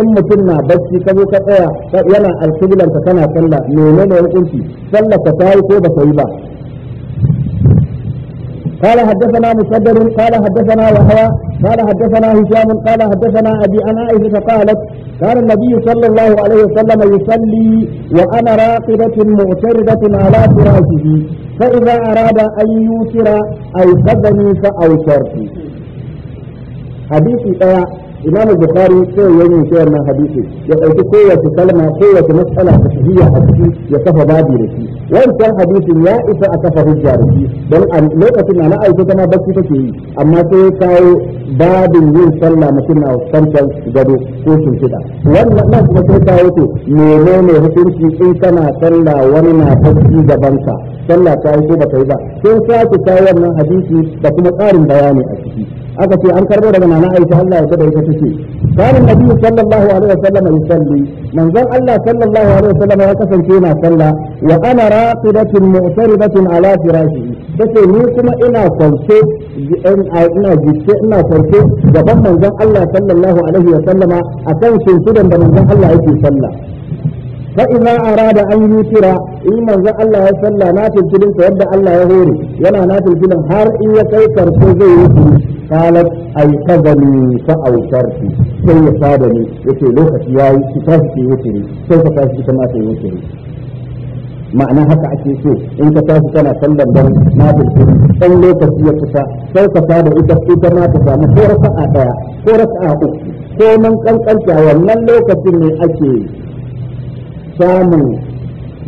in mutum na bacci ka zo ka tsaya yana alkiblar ka kana sallah menene hukunci sallar ka tayi ko ba ta yi ba قال حدثنا مسدد قال حدثنا وهوى قال حدثنا هشام قال حدثنا ابي انا عائشه قالت كان النبي صلى الله عليه وسلم يصلي وانا راقده معترضه على فراشه فاذا اراد ان يوتر اوقظني فاوترت حديث ايه امام البخاري سوى يوم yi wannan hadisi ya dauki kowace kalma kowace matsala ta shari'a wancan hadisin ya isa a kafa hujja don a lokacin na aisha tana bacci take yi amma sai kawo babin yin sallah mutum na fuskantar gado ko shimfiɗa wannan nan kuma sai kawo to menene hukunci in kana sallah wani na bacci gabanka sallah ta yi ko ba ta yi ba sai sake kawo wannan hadisi da kuma tsarin bayani a ciki aka ce an karbo daga nana aisha Allah ya tada ita tace kana nabi sallallahu alaihi wasallam yusalli manzon Allah sallallahu alaihi wasallam ya kasance yana sallah wa ana raqidatun mu'taribatun ala firashihi tace ni kuma ina kwance ina jike ina kwance gaban manzon Allah sallallahu alaihi wasallama akan shimfidan da manzon Allah yake sallah ina an فإذا Allah ya يوتر إما ذا الله يصلى ناتل فيلم فيبدأ الله يهوري يلا ناتل فيلم هار إيا كي كرسو زي قالت أيقظني فأوترت سي صادني يتي لوكا سياي كتاسكي وتري سوف تاسكي كما تي وتري ma'ana haka ake so in ka tashi kana sallar dare na bilkiri dan lokaci ya kusa saukata da ita ita ma ta samu ko rafa'a daya ko rafa'a uku ko nan kankanta wannan lokacin ne ake samun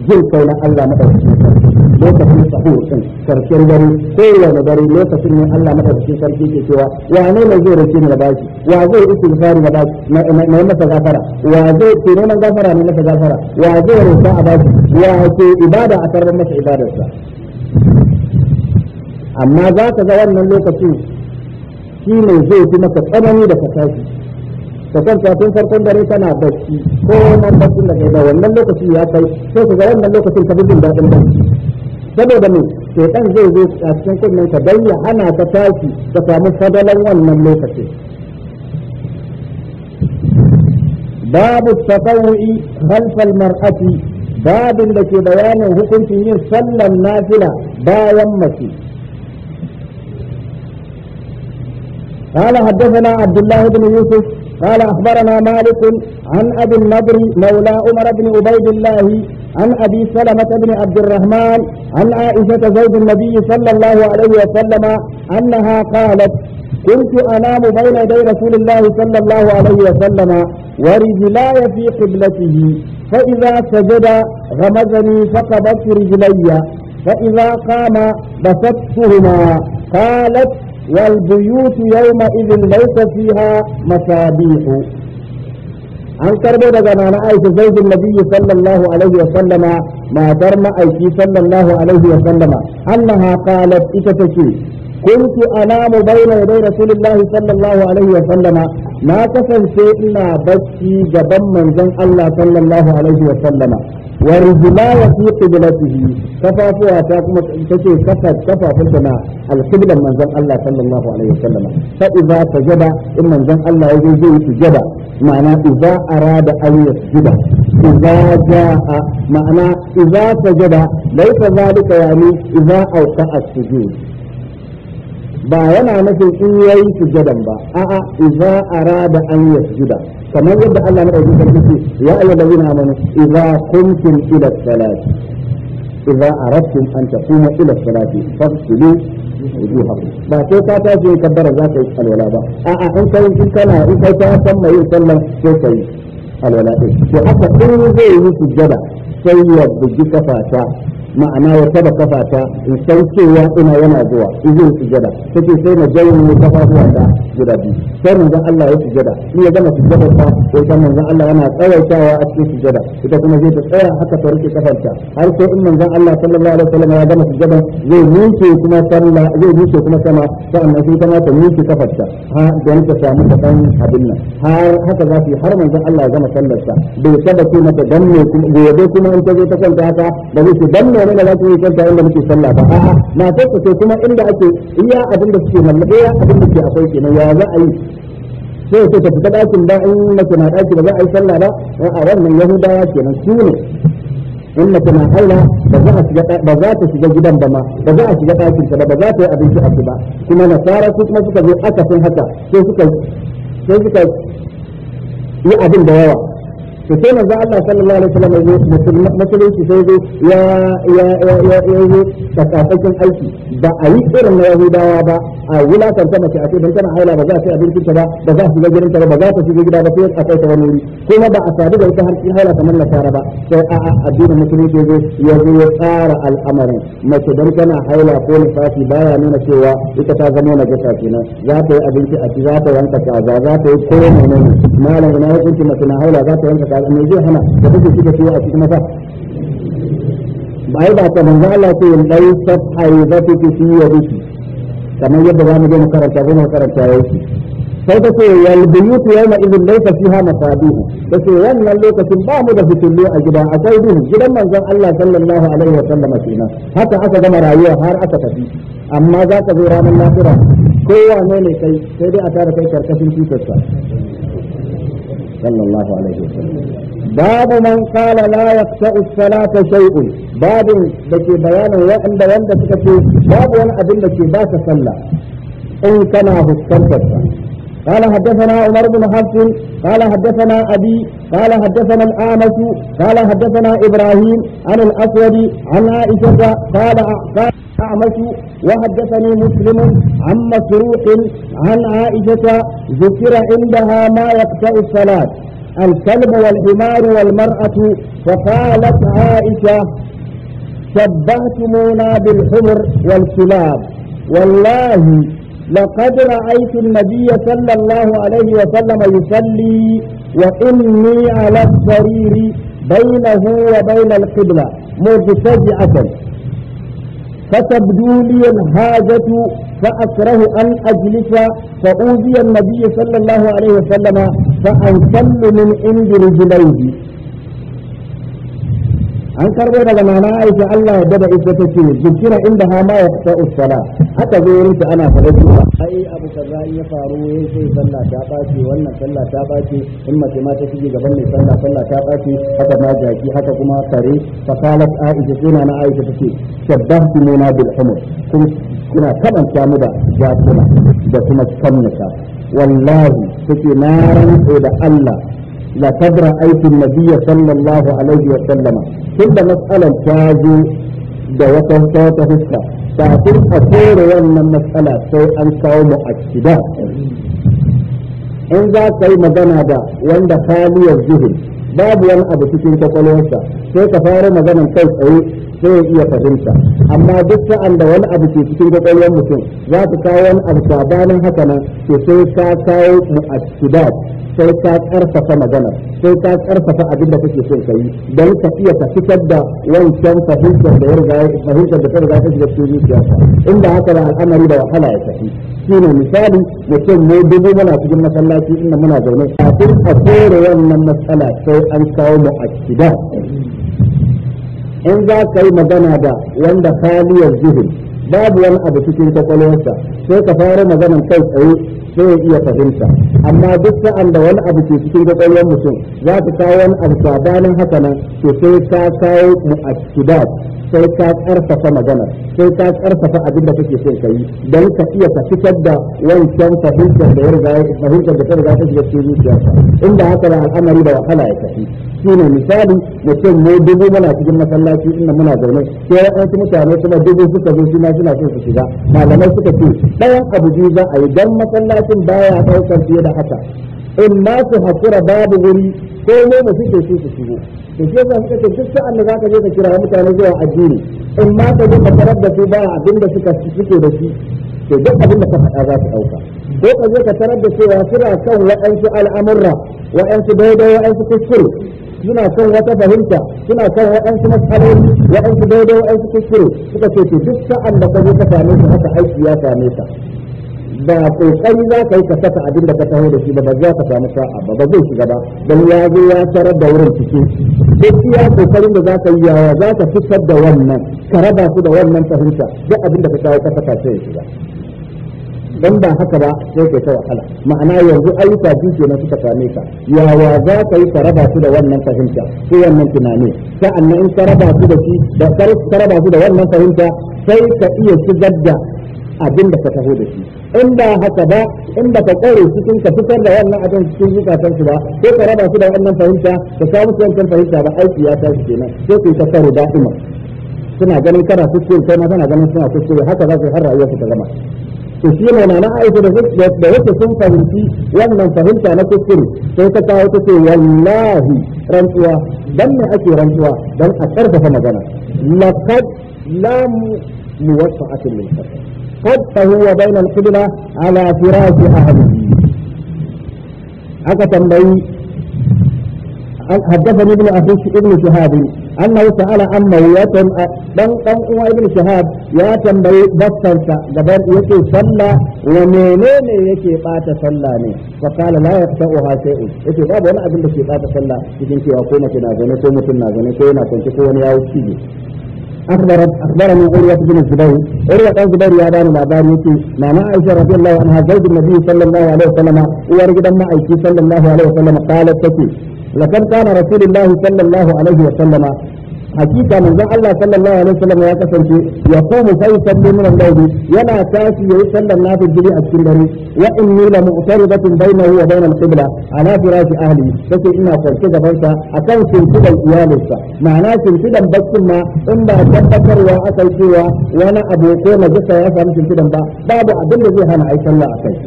jin kai na Allah lokacin sahu sun karshen dare kowane dare lokacin ne Allah madaukakin sarki ke cewa wa ne zai rike ni da bashi wa zai istighfari da bashi na masa gafara wa zai ke neman gafara ne masa gafara wa zai roƙa a bashi wa ke ibada a karɓar masa ibadarsa amma za ka ga wannan lokacin shi ne zai fi maka tsanani da kasashi ka kan tun farkon dare da bacci ko nan baccin da kai wannan lokaci ya kai sai ka ga wannan lokacin ka bi jin daɗin bacci saboda me shaitan zai zo a cikin kunnen ka dan ya hana ka tashi ka samu fadalan wannan lokacin babu tatawu'i khalfal mar'ati babin da ke bayanin hukuncin yin sallan nafila bayan mace قال حدثنا عبد الله بن يوسف قال أخبرنا مالك عن أبي النضر مولى عمر بن عبيد الله عن أبي سلمة بن عبد الرحمن عن عائشة زوج النبي صلى الله عليه وسلم أنها قالت كنت أنام بين يدي رسول الله صلى الله عليه وسلم ورجلاي في قبلته فإذا سجد غمزني فقبضت رجلي فإذا قام بسطتهما قالت والبيوت يومئذ ليس فيها مصابيح عن كربو دغانا ايت زوج النبي صلى الله عليه وسلم ما ترمى ايت صلى الله عليه وسلم انها قالت اتتكي كنت أنام بين يدي رسول الله صلى الله عليه وسلم ما كفن سيدنا بكي جبن من زن الله صلى الله عليه وسلم ورجلا في قبلته كفافها تاكم تشي كفت كفافتنا القبلة من زن الله صلى الله عليه وسلم فإذا سجد إن من زن الله يجي سجد معنى إذا أراد أن يسجد إذا جاء معنى إذا سجد ليس ذلك يعني إذا أوقع السجود ba yana nufin in yayi sujadan ba a'a idza arada an yasjuda kamar yadda Allah madaukakin sarki ce ya ayyuhallazina amanu idza kuntum ila salati idza aradtum an taqumu ila salati fasjudu ba ko ka ta in kabbara za ka yi alwala ba a'a in kai in kana in kai ta san mai yin sallah sai kai alwala din to haka in zai yi sujada sai ya bugi kafata ma'ana ya taba kafa ta in san cewa ina yana zuwa izin sujada take sai na jawo ne kafa zuwa ta guda biyu sai manzon Allah ya sujada in ya gama sujada ta sai kan manzon Allah yana tsawaitawa a cikin sujada ita kuma zai ta tsaya haka ta rike kafanta har sai in manzon Allah sallallahu alaihi wasallam ya gama sujada zai miƙe kuma sallah zai miƙe kuma sama sannan sai kuma ta miƙe kafarta ha don ta samu ta dan abin nan har haka za su yi har manzon Allah ya gama ta bai kada ko mata dan danne kuma gobe kuma in ta je ta kwanta haka ba zai danne ne da za ku yi kyauta inda muke sallah ba a'a matar ku ce kuma inda ake iya abin da suke mallaka ya abin da ke akwai kenan ya za a yi sai ce ta fita dakin ba in mace na daki ba za a yi sallah ba a wannan yahudawa kenan su ne in mace na haila ba za a shiga ba za ta shiga gidan ba ma ba za a shiga dakin ta ba ba za ta yi abinci a ba kuma nasara su kuma suka zo sun haka sai suka sai suka yi abin da yawa to sai manzo Allah sallallahu alaihi wasallam ya musulunci sai zo ya ya ya ya ya sakafakin aiki ba a yi irin na Yahudawa ba a ta mace a ce dan tana haila ba za ta abincin ta ba ba za ta shiga gidan ta ba za ta shiga gida ba sai a kai ta wani wuri kuma ba a sadu da ita har cikin haila kamar nasara ba sai a addinin musulunci ya ya zo ya tsara al'amarin mace dan tana haila ko nifasi baya nuna cewa ita ta zama na gasa kenan za ta yi abinci a ci za ta yanka kaza za ta yi ko menene malam ina hukunci mace na haila za ta yanka kaza mai zai hana da kake shi cewa a cikin masa ba ba ta manzo Allah ce in dai sab haizatuki fi yadiki kamar yadda zamu ga mu karanta ko mu karanta yau sai ta ce wal buyut yawma idhin laysa fiha masabihu tace wannan lokacin ba mu da fitullu a gida akwai duhu gidan manzon Allah sallallahu alaihi wa sallam kenan haka aka gama rayuwa har aka tafi amma za ka zo ranar lafira kowa ne ne kai sai dai a tara kai karkashin tutarsa صلى الله عليه وسلم باب من قال لا يقطع الصلاة شيء باب دكي بيان وأن بيان دكي باب وأن أبن دكي باك صلى إن كان هستنفر قال حدثنا عمر بن حفص قال حدثنا أبي قال حدثنا الأعمش قال حدثنا إبراهيم عن الأسود عن عائشة قال قال الأعمش وحدثني مسلم عن مسروق عن عائشة ذكر عندها ما يقطع الصلاة الكلب والحمار والمرأة فقالت عائشة شبهتمونا بالحمر والكلاب والله لقد رأيت النبي صلى الله عليه وسلم يصلي وإني على السرير بينه وبين القبلة مرتجعة فتبدو لي الحاجة فأكره أن أجلس فأوذي النبي صلى الله عليه وسلم فأنسل من عند رجليه an karbo daga nana aisha Allah ya dada ita ta ce zikira inda ha ma yaqta usala aka zo wurin ta ana fara cewa ai abu kaza ya faru yayin sai sallah ta bace wannan sallah ta bace in mace ma ta shige gaban mai sallah sallah ta bace haka ma jaki haka kuma kare fa qalat aisha suna na aisha ta ce shabbahtumuna bil humur kun kuna kamanta mu da jakuna da kuma kamnaka wallahi take na rantsa da Allah لقد aikin النبي صلى الله عليه وسلم كل مسألة كاجو da wata wata fuska kafin a kore wannan matsala sai an kawo mu a in za ka yi magana da wanda haliyar zuhur babu wani abu cikin kwakwalwarsa sai ka fara maganan kai tsaye sai ya iya fahimta amma duk sa'an da wani abu ke cikin kwakwalwar mutum za ka kawo wani abu sabanin haka nan to sai ka kawo mu a sai ka karfafa magana sai ka karfafa abin da kake so kai don ka iya ka fitar da wancan fahimtar da ya riga fahimtar da ta riga shiga cikin inda haka da al'amari da wahala ya tafi shine misali mutum mu dubu muna cikin masallaci inda muna zaune kafin a kore wannan matsala sai an kawo mu a kida in za ka yi magana da wanda kaliyar zuhud babu wani abu cikin kwakwalwarsa sai ka fara maganan kai tsaye sai ya iya fahimta amma duk sa'an da wani abu ke cikin kwakwalwar mutum za ka kawo wani abu sabanin haka nan to sai ka kawo mu'akkidat sai ka karfafa magana sai ka karfafa abin da kake so kai don ka iya ka fitar da wancan fahimtar da ya riga fahimtar da ta riga ta shiga cikin zuciyarka inda haka da al'amari da wahala ya tafi ne misali mutum ne dubu muna cikin masallaci inda muna zaune sai wasu mutane kuma dubu suka zo suna suna so su shiga malamai suka ce ɗayan abu biyu za a yi dan masallacin baya ɗaukar fiye da haka in ma su hakura babu wuri ko ne mu fito su su shigo to shi yasa suka ce duk sa'an da zaka je ka kira mutane zuwa addini in ma ka je ka tarar da su ba abin da suka fito da shi to duk abin da ka faɗa za su ɗauka ko ka je ka tarar da cewa suna kan waɗansu al'amurra waɗansu daidai waɗansu kuskure suna son wata fahimta suna son waɗansu matsaloli waɗansu daidai waɗansu kuskure suka ce to duk sa'an da ka je ka same su haka aiki ya same ka ba kokari za ka yi ka saka abin da ka taho da shi ba ba za ka samu sa'a ba ba zai shiga ba Dan ya zo ya tarar da wurin cikin duk iya kokarin da za ka yi yawa za ka fitar da wannan ka raba su da wannan fahimta duk abin da ka kawo ka saka sai ya shiga dan ba haka ba sai kai ta wahala ma'ana yanzu ayyuka biyu kenan suka same ka yawa za ka yi ka raba su da wannan fahimta ko wannan tunani sa'annan in ka raba su da shi da ka raba su da wannan fahimta sai ka iya shigar da abin da ka taho da shi in ba haka ba in ba ka kware cikin ka fitar da wannan abin cikin zukatan su ba ko ka raba su da wannan fahimta ka samu su wancan fahimta ba aiki ya tashi kenan sai ku ta karo da'ima suna ganin kana kuskure kai ma kana ganin suna kuskure haka za su har rayuwar su ta gama to shi ne na aiki da wata sun fahimci wannan fahimta na kuskure sai ta kawo ta ce wallahi rantsuwa dan ne ake rantsuwa dan a karfafa magana laqad lam muwaffa'atin lil صب وبين القبلة على فراش أهله أكا تنبي حدثني ابن أخيش ابن شهاب أنه سأل عن موية دن دن ابن شهاب يا تنبي بسنسا قبل يكي صلى ومنين يكي بات صلى فقال لا يقطعها شيء يكي بابا أنا أقول بكي بات صلى يكي وقومة نازنة سومة نازنة سومة نازنة سومة نازنة سومة نازنة أخبرت أخبرني عروة بن الزبير عروة بن الزبير يا بني الأبان يتي معنى عائشة رضي الله عنها زوج النبي صلى الله عليه وسلم ورجل ما عائشة صلى الله عليه وسلم قالت تكي لقد كان رسول الله صلى الله عليه وسلم حقيقة من ذا الله صلى الله عليه وسلم يقسم يقوم فيصلي من الليل ينا كاسي يصلى الناس الجريء الشندري وإني لمغتربة بينه وبين القبلة على فراش أهلي فكي إنا فرشد فرشا أكون سنسدا إيالسا معنا سنسدا بسما إما تبكر وأسل سوا وأنا أبو كون جسا يفهم سنسدا با باب أدل فيها نعيش الله أكيد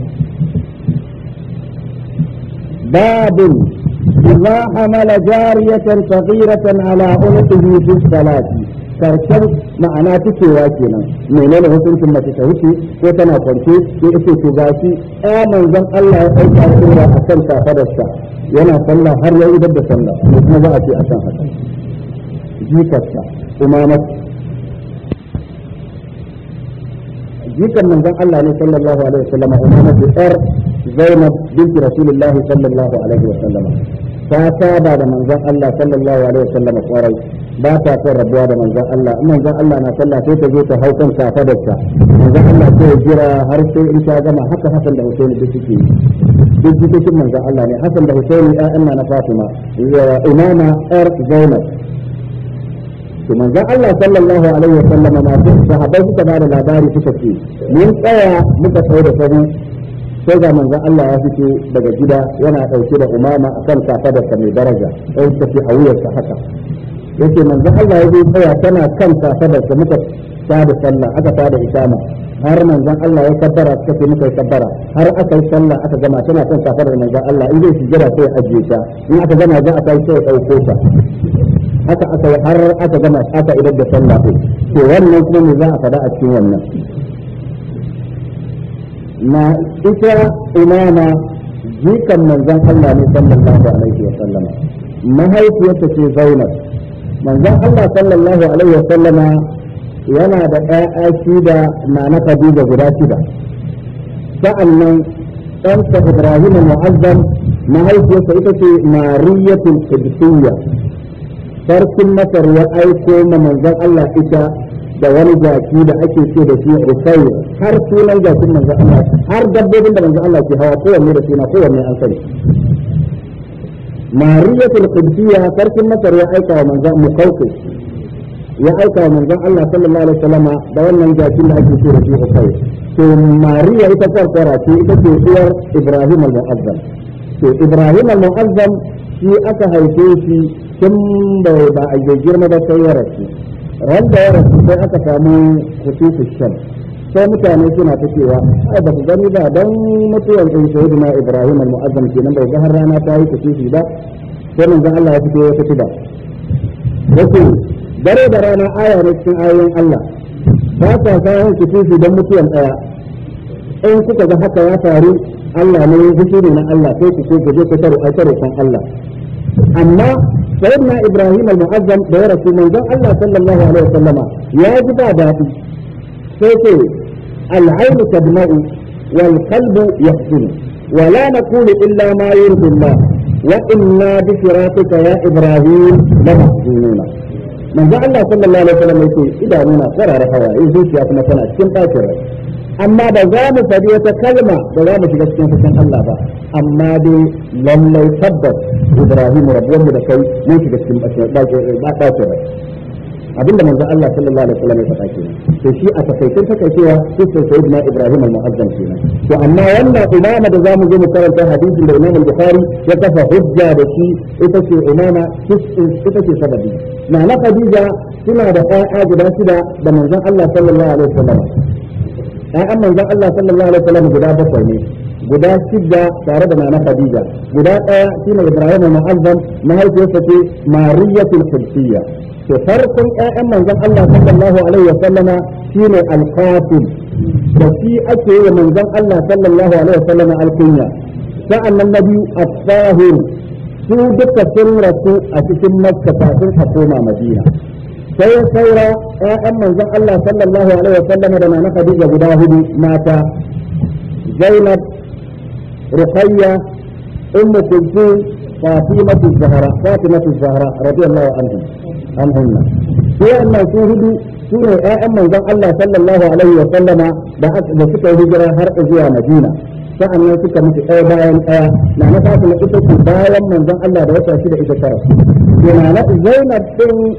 باب إلا حمل جارية صغيرة على عنقه في الصلاة كركب معناه تكي واكينا آه، من أنه في ثم تتهوشي وكما قلتي يأتي تباسي آمن ذن الله أيضا سورة أكثر سافر الساعة ينا صلى هر يأي ضد صلى مثل ما أتي أشان حسن جيكا الساعة أمامك jikan manzon Allah ne sallallahu alaihi wasallam umama bi'ar Zainab binti Rasulullahi sallallahu alaihi wasallam ta saba da manzon Allah sallallahu alaihi wasallam kwarai ba ta son rabuwa da manzon Allah in manzon Allah na sallah sai ta zo ta hau kan safadarsa manzon Allah sai ya jira har sai in ta gama haka Hassan da Husaini duk suke duk duk manzon Allah ne Hassan da hussein ƴaƴan na Fatima imama ƴar Zainab manzan manzon Allah sallallahu alaihi wasallam ma su sahabbai suka ba da labari suka ce mun tsaya muka tsaye da sai ga manzon Allah ya fito daga gida yana dauke da umama akan kafadarsa mai daraja sai suka ce a wuyarsa haka yace manzon Allah ya zo tsaya tana kan kafadarsa muka tada sallah aka tada isama har manzon Allah ya kabbara suka ce muka kabbara har aka yi sallah aka gama tana kan kafarar manzon Allah in zai jira sai ya ajiye ta in aka gama za a kai sai ya dauko ta haka aka yi har aka gama aka idar da sallah ko to wannan kuma me za a faɗa a cikin wannan na ita imama jikan manzon Allah ne sallallahu alaihi wa sallama mahaifiyarta ce Zainab manzon Allah sallallahu alaihi wa sallama yana da ƴaƴa shida na na Khadija guda shida sa'annan ɗansa Ibrahim mu'azzam mahaifiyarsa ita ce Mariyatul Qudusiyya فرس النفر وأيكو من منزل الله إسا دوالي جاكي دا أكي سي دا سي رفاية جاكي من منزل الله هر دبو دا منزل الله سي هوا قوة ميرا سينا قوة ميرا أنسل مارية القدسية فرس النفر وأيكو من منزل مقوقي وأيكو من منزل الله صلى الله عليه وسلم دوالي جاكي دا أكي سي دا سي رفاية تو ماريا إتفر قراتي إتفر إبراهيم المؤذن إبراهيم المؤذن shi aka haife shi tun ba a girma ba sai ya rasu ran da ya rasu sai aka samu kusur shan sai mutane suna ta cewa a ba su gani ba don mutuwar din na Ibrahim al-Mu'azzam ke bai ga har rana ta yi shi ba sai ga Allah ya fito ya fito ba yake dare da rana aya ne cikin ayoyin Allah ba ta kayan kusufi don mutuwan ɗaya in kuka ga haka ya faru Allah ne hukumu na Allah sai ku ko ku je ku taru a taru kan Allah أما سيدنا إبراهيم المعظم بيرسي من ذا الله صلى الله عليه وسلم يا جبابي سيتي العين تدمع والقلب يحزن ولا نقول إلا ما يرضي الله وإنا بفراقك يا إبراهيم لمحزونون من ذا الله صلى الله عليه وسلم يقول إذا منا فرع رحوا يا ابن فنسنا كم تأكل أما بزام فدية كلمة بزام في جسكين فكان الله با أما دي لن لو تبت إبراهيم رب يوم بكي من في جسكين فكان الله با كيرا أبين لما زال الله صلى الله عليه وسلم يفتاكينا تشيء أتفيتين فكيشيها تشيء سيدنا إبراهيم المعظم فينا وأما وانا إمام بزام زي مكرم في حديث الإمام البخاري يتفى حجة بشيء إتشي إمام إتشي سببي نعنى خديجة سنة بخاء آجبا سنة لما زال الله صلى الله عليه وسلم ƴaƴan manzon Allah sallallahu alaihi wasallam guda bakwai ne guda shida tare da nana Khadija guda ɗaya shine Ibrahim al-Mu'azzam mahaifiyarsa ce Mariyatul Qudsiyya to farkon ƴaƴan manzon Allah sallallahu alaihi wasallam shine al-Qasim da shi ake yi manzon Allah sallallahu alaihi wasallam al-kunya sa'annan nabi at-Tahir su duka sun rasu a cikin Makka kafin a koma Madina sai saura ƴaƴan manzon Allah sallallahu alaihi wasallam da nana Khadija guda hudu mata Zainab Ruqayya Ummu Kulthum Fatimatu Zahra Fatimatu Zahra radiyallahu anhu anhunna sai annan su hudu su ne ƴaƴan manzon Allah sallallahu alaihi wasallam da da suka hijira har zuwa Madina sa'annan suka mutu ɗaya bayan ɗaya na na Fatima ita ce bayan manzon Allah da wata shida ita tara na Zainab din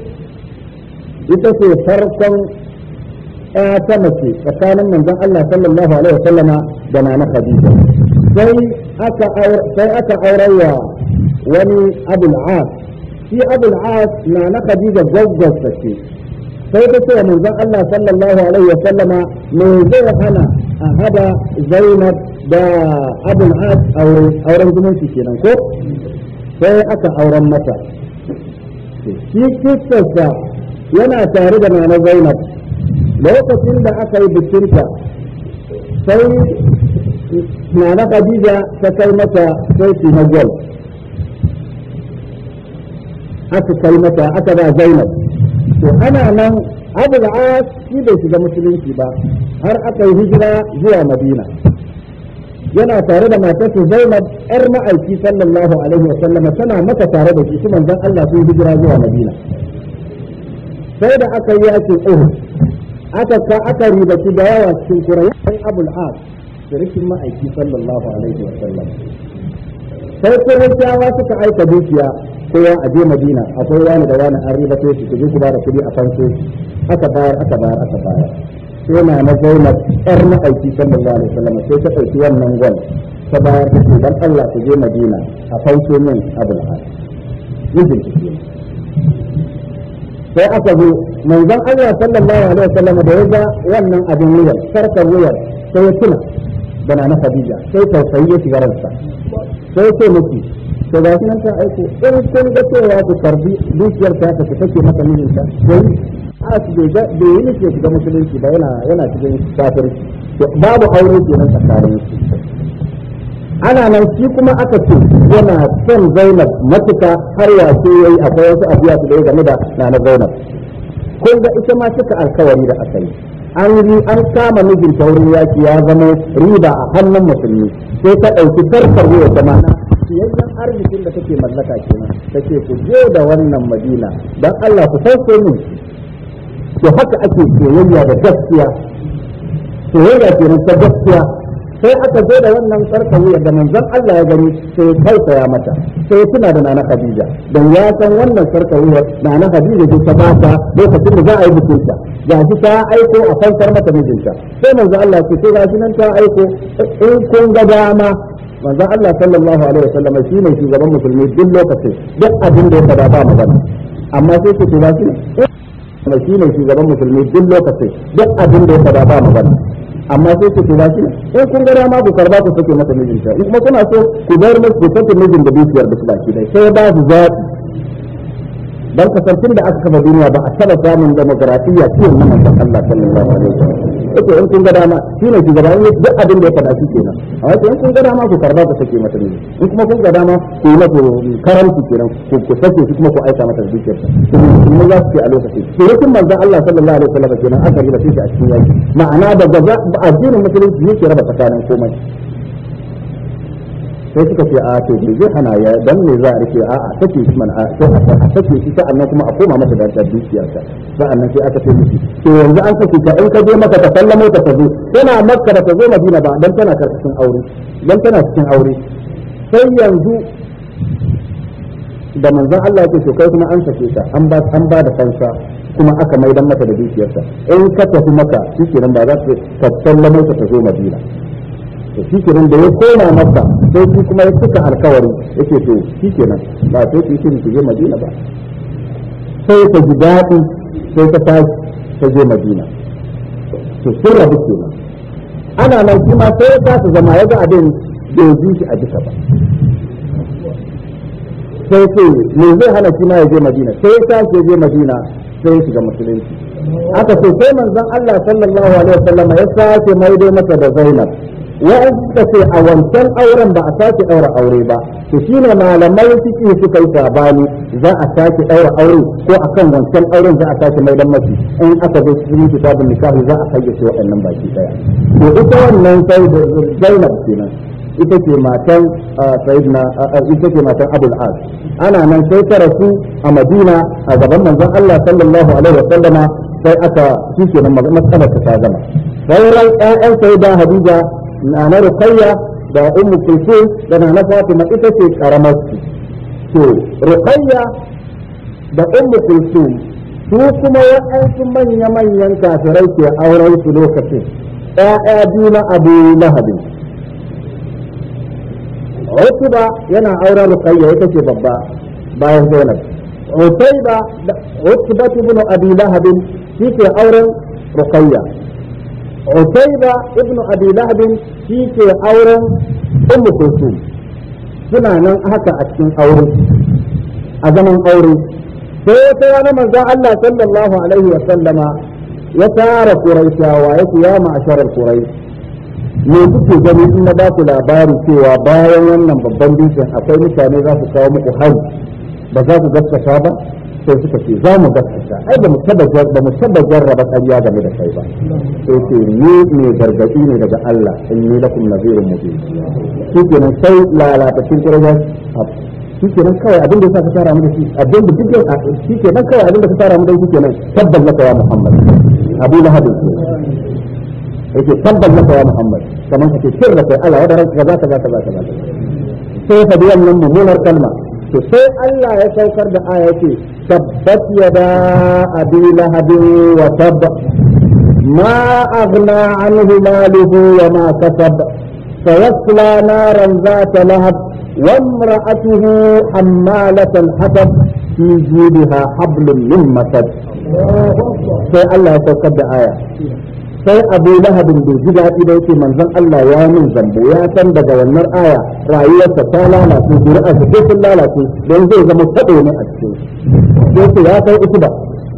ita ce farkon ta mace tsakanin manzon Allah sallallahu alaihi wasallama da nana Khadija sai aka sai aka aurawa wani Abul As shi Abul As nana Khadija gaggasta ce sai ta ce manzon Allah sallallahu alaihi wasallama me zai hana a hada Zainab da Abul As auren zumunci kenan ko sai aka auren mata shi kistarsa yana tare da nana zainab lokacin da aka yi bikinta sai nana khadija ta kai mata sai su na gwal aka kai mata aka ba zainab to ana nan abu da shi bai shiga musulunci ba har aka yi hijira zuwa madina yana tare da matarsa zainab yar ma'aiki sallallahu alaihi wa tana mata tare da shi su manzon Allah sun hijira zuwa madina sai da aka yi ake uhud aka ka aka ribaci da yawa cikin kurai sai abul as shirikin ma'aiki sallallahu alaihi wa sallam sai yawa suka aika dukiya ko a je madina akwai wani da wani an ribato shi ku je ku bada kuɗi a fanso aka bayar aka bayar aka bayar sai na na zauna yar ma'aiki sallallahu alaihi wa sallam sai ta ɗauki wannan gwal ta bayar da dan Allah ku je madina a fanso min abul as mijin sai aka zo manzon Allah sallallahu alaihi wasallam da yaga wannan abin wuyar sarkar wuyar sai ya tuna da na Khadija sai tausayi ya shiga ransa sai ce miki to ga nan ta aiko in kun ga cewa ku karbi dukiyar ta ta take maka ta sai a su bai ga da yi ke shiga musulunci ba yana yana cikin kafirci to babu aure kenan tsakanin su ana nan shi kuma aka ce yana son zainab matuka har yace yayi akwai wasu abuya su da game da nana zainab kun ga ita ma cika alkawari da aka yi an yi an kama mijin ta wurin yaki ya zama riba a hannun musulmi sai ta ɗauki farkar ruwa ta mana yanzan arzikin da take mallaka kenan ta ce ku je da wannan madina don Allah ku sauko min to haka ake soyayya da gaskiya soyayya kenan ta gaskiya sai aka zo da wannan sarka wuya da manzon Allah ya gani sai tausaya mata sai tuna da nana Khadija dan ya san wannan sarka wuya nana Khadija ce ta bata lokacin da za a yi bikin ta ga shi ta aiko a fansar mata mijinta sai manzon Allah ce sai ga nan ta aiko in kun ga dama manzon Allah sallallahu alaihi wasallam shi ne shugaban musulmi duk lokacin duk abin da ya fada ba magana amma sai ku ce ba shi ne shi ne shugaban musulmi duk lokacin duk abin da ya fada ba magana amma sai ku tura shi in kun gara ma ku karba ku sake masa mijinta in kuma suna so ku bayar masa ku sake mijin da dukiyar da baki dai sai ba su zaɓi dan kasantin da aka kafa duniya ba a saba samun demokratiya cikin nan da Allah sallallahu alaihi wasallam yake in kun ga dama shi ne shugaba in duk abin da ya faɗa shi kenan a wata in kun ga dama ku karba ku sake mata ne in kuma kun ga dama ku yi mata karanci kenan ku ku sake shi kuma ku aika mata dukiyar ta kuma za su ce a lokaci suratun manzon Allah sallallahu alaihi wasallam kenan aka da shi a cikin yaki ma'ana da a addinin musulunci yake raba tsakanin komai sai suka ce a to zai hana ya dan me za a rike a a sake shi man a sake shi annan kuma a koma masa da dukiya ta sa'annan sai aka ce miki to yanzu an sake ka in ka je maka ta sallamo ta tazo tana makka da tazo madina ba dan tana karkashin aure dan tana cikin aure sai yanzu da manzon Allah ya ce kai kuma an sake ta an ba an ba da kansa kuma aka maidan mata da dukiyarta in ka tafi maka shi kenan ba za ka sallamo ta tazo madina to shi kenan da ya koma masa sai shi kuma ya cika alkawari yake to shi kenan ba sai ki shi ki je madina ba sai ta ji daɗi sai ta tashi ta je madina to sun rabu nan ana nan shi ma sai ya tashi zama ya ga abin bai bi shi a duka ba sai ce me zai hana shi ma ya je madina sai ya tashi ya je madina sai ya shiga musulunci aka so sai manzon Allah sallallahu alaihi wasallam ya sake maido mata da Zainab wa'anda ce a wancan auren ba a sake daura aure ba to shine malamai suke suka yi sabani za a sake daura aure ko akan wancan auren za a sake mai dan mafi in aka zo cikin kitabun nikahi za a kayyace waɗannan baki daya to ita wannan sai da Zainab kenan ita ke matan sayyidina ita ce matan Abul As ana nan sai ta rasu a Madina a gaban manzon Allah sallallahu alaihi wasallama sai aka shi kenan matsalar ta zama sauran ƴaƴan sayyida hadija na na Rukayya da Ummu Kulsum da na Fatima ita ce karamar su to da Ummu Kulsum su kuma waɗansu manya-manyan kafirai ke auren su lokacin ƴaƴa juna abu Abu wasu ba yana auren Rukayya ita ce babba bayan Zainab عتيبة عتبة بن أبي لهب فيك أورا رقية عتيبة ابن أبي لهب فيك أورا أم suna nan haka a cikin aure a zaman aure sai wata rana manzo Allah sallallahu alaihi wa sallama ya tara Quraishawa ya ce ya ma'asharar Quraish me kuke gani in na ba ku labari cewa bayan wannan babban dutsen akwai mutane za su kawo muku hari بزاد بس شابا سيسي سي كسي زام بس شابا أيضا مكتبة جرد بمكتبة جرد بتأني هذا من الشيبة سيسي نيد من درجين رجاء الله إني لكم نذير مبين سيسي من سي لا لا تكين ترجع أب سيسي من كوي أبين دوسا كتارا مدهي أبين دوسا كتارا مدهي سيسي من كوي أبين دوسا كتارا مدهي سيسي من تبا لك يا محمد أبو لهب إيه تبا لك يا محمد كمان سيسي سرك الله ودرك كذا كذا كذا كذا كيف بيان من مولر كلمه فسي الله يشوكر ده آياتي تبت يدا أبي لهب وتب ما أغنى عنه ماله وما كسب فيصلى نارا ذات لهب وامرأته حمالة الحطب في جيبها حبل من مسد الله أكبر الله يتوقف آية sai abu lahabin bai ji daɗi da yake manzon Allah ya min zambo ya san daga wannan aya rayuwarsa ta lalace zuri'arsa sai sun lalace don zai zama kaɗo ne a cikin sai ya kai ba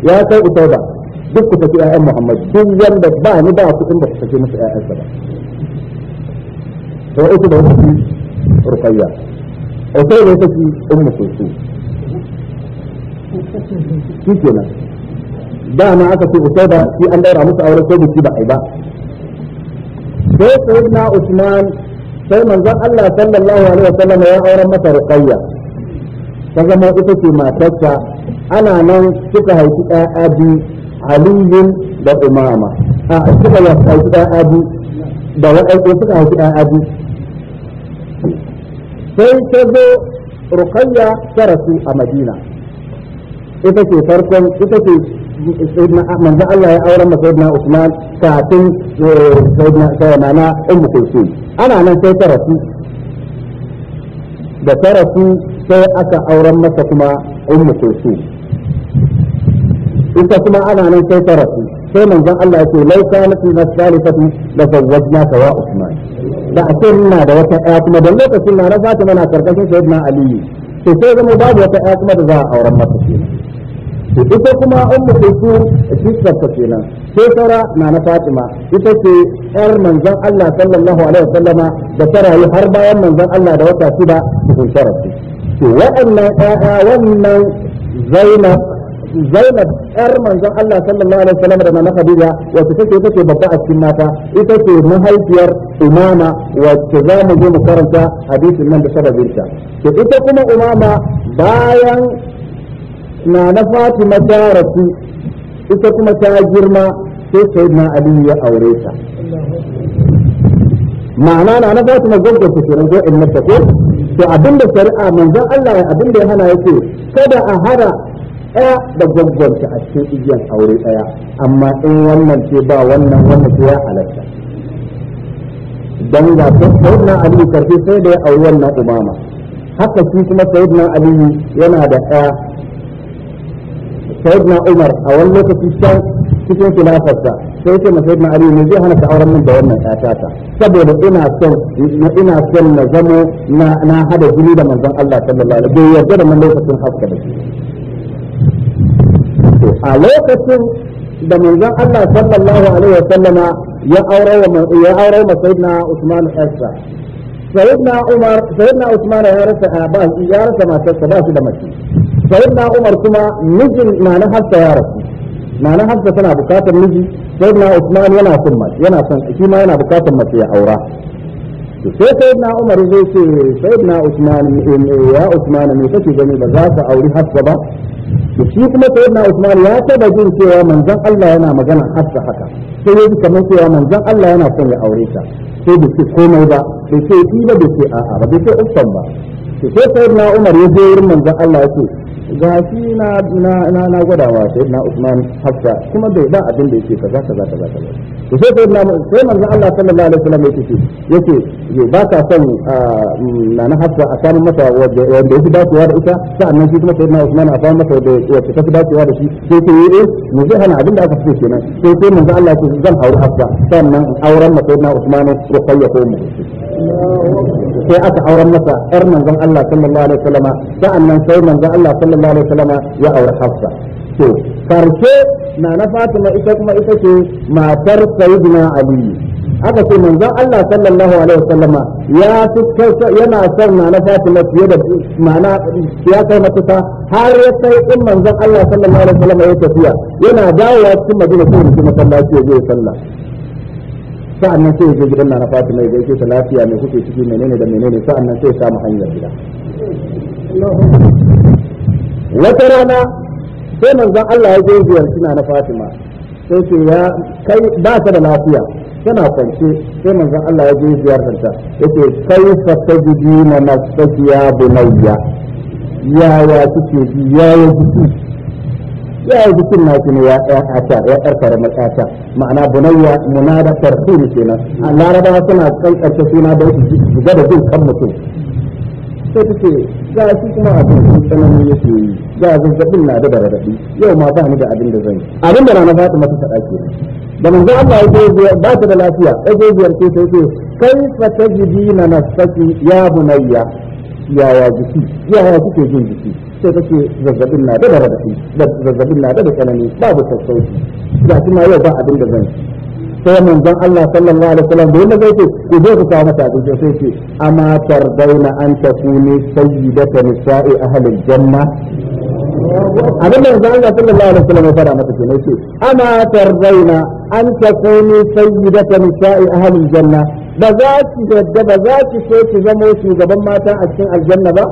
ya kai ba duk ku tafi ƴaƴan Muhammad duk wanda ba ni ba kuɗin da ku tafi musu ƴaƴansa ba to da ya tafi rukayya utuba ya tafi ummu kulsum shi kenan dama aka ce ba shi an daura musu aure ko biki ba ai ba sai sayyidina usman sai manzon Allah sallallahu alaihi wasallam ya auren masa ruqayya ta zama ita ce matarsa ana nan suka haifi ɗaya biyu aliyun da umama a suka haifi ɗaya biyu da waɗanda suka haifi ɗaya biyu sai ta zo ruqayya ta rasu a madina ita ce farkon ita ce manzo Allah ya auren masa Sayyidina Usman kafin Sayyidina Sayyidina na Ummu Kulsum ana nan sai ta rasu da ta rasu sai aka auren masa kuma Ummu Kulsum ita kuma ana nan sai ta rasu sai manzon Allah ya ce lau kanat nasalisatu la zawwajna wa Usman da a ce ina da wata ɗaya kuma don lokacin na na Fatima na karkashin Sayyidina Ali to sai zama babu wata ɗaya kuma da za a auren masa kenan to ita kuma ummu kulsum sister ta kenan sai saura na na fatima ita ce yar manzon Allah sallallahu alaihi wasallama da ta rayu har bayan manzon Allah da wata shida cikin sharafi to wa'annan ƴaƴa wannan Zainab Zainab yar manzon Allah sallallahu alaihi wasallama da Nana Khadija wato take take babba a cikin mata ita ce mahaifiyar Umama wacce za mu je mu karanta hadisin nan da sababinta to ita kuma Umama bayan na na fatima ta rasu ita kuma ta girma sai Sayyidina ali ya aure ta ma'ana na na fatima gwamnati ta shirin ko ta ko to abinda shari'a manzon Allah ya abinda ya hana yake kada a hada ɗaya da gwaggwanta a cikin igiyar aure ɗaya amma in wannan ce ba wannan wannan ce ya halatta dan ga sayyidina Ali karfi sai da ya auri wannan umama haka shi kuma sayyidina aliyu yana da ɗaya sayyidina Umar a wani lokaci can cikin khilafarsa sai yake ma sayyidina Ali ne zai hana ka auren min da wannan ƴata saboda ina son ina son na zamo na na hada jini da manzon Allah sallallahu alaihi wasallam bai yarda da man lokacin haka da shi to a lokacin da manzon Allah sallallahu alaihi wasallama ya aure ya aure ma sayyidina Usman Essa sayyidina Umar sayyidina Usman ya rasa ba ya rasa matarsa ba shi da mace سيدنا عمر كما نجي ما نحب يا رسول ما نحب سنة بكاتر نجي سيدنا عثمان ينا ثم ينا ثم كما ينا بكاتر ما في حورا سي سيدنا عمر زي سيدنا عثمان إن يا عثمان من فتي جميل ذات أو لها السبا شيء كما سيدنا عثمان يا سبا جين سيوا من ذا الله ينا مجانا حتى حتى سيدي كما سيوا من ذا الله ينا سنة أوريكا سيدي سيكون ايضا سيدي سيدي سيدي سيدي سيدي سيدي سيدي سيدي سيدي سيدي سيدي سيدي سيدي سيدي سيدي سيدي ga shi na na na gwadawa sai na Usman Hafsa kuma bai ba abin da yake kaza kaza kaza kaza to sai sai na sai manzo Allah sallallahu alaihi wasallam yake yake ba ka son ah, na na Hafsa a samu mata wanda yake dacewa da ita sa'annan shi kuma sai na Usman a samu mata ya yake tafi dacewa da shi sai ke yi eh, mu zai hana abin da aka fice kenan sai sai manzo Allah yake zan aure Hafsa sannan auren mata na Usman kai ko mu sai aka auren masa ƴar manzon Allah sallallahu alaihi wasallam sa'annan sai manzon Allah sallallahu sallallahu alaihi wasallam ya aure hafsa to karshe na na fatima ita kuma ita ce matar sayyidina ali aka ce manzon Allah sallallahu alaihi wasallam ya yana son na na fatima fiye da mana ya kai matuka har ya kai in manzon Allah sallallahu alaihi wasallam ya tafiya yana dawowa cikin madina sai ya masallaci ya je sallah sa'an nan sai ya je gidan na Fatima ya gaishe ta lafiya ne kuke ciki menene da menene sa'an nan sai ya samu hanyar gida wata rana sai manzon Allah ya je ziyarci na Fatima sai ce ya kai ba ta da lafiya tana kwance sai manzon Allah ya je ziyartarta yace kai fa tajidi na nasakiya bunayya ya ya kike ji ya ya kike ya bikin nasu ne ya ɗata ya ƙarfara matsata ma'ana bunayya munada tarhiri kenan a laraba suna kankarce suna su da jin kan mutum sai ta ce ga shi kuma a yake yi ga zazzabin na da raɗaɗi yau ma ba ni da abin da zan yi abin da na faɗi mata faɗa ke da manzo Allah ya zo ba ta da lafiya ya zo ziyarce ta yace kaifa na nafsaki ya bunayya yaya jiki yaya kuke jin jiki sai ta ce zazzabin na da raɗaɗi zazzabin na da tsanani babu sassauci ga kuma yau ba abin da zan yi sai manzon Allah sallallahu alaihi wasallam da wanda zai ce ku zo ku kawo mata abinci sai ce amma tardauna an takuni sayyidata nisa'i ahli janna abin da manzon Allah sallallahu alaihi wasallam ya fara mata kenan ce amma tardauna an takuni sayyidata nisa'i ahli janna ba za ki yadda ba za ki so ki zamo shugaban mata a cikin aljanna ba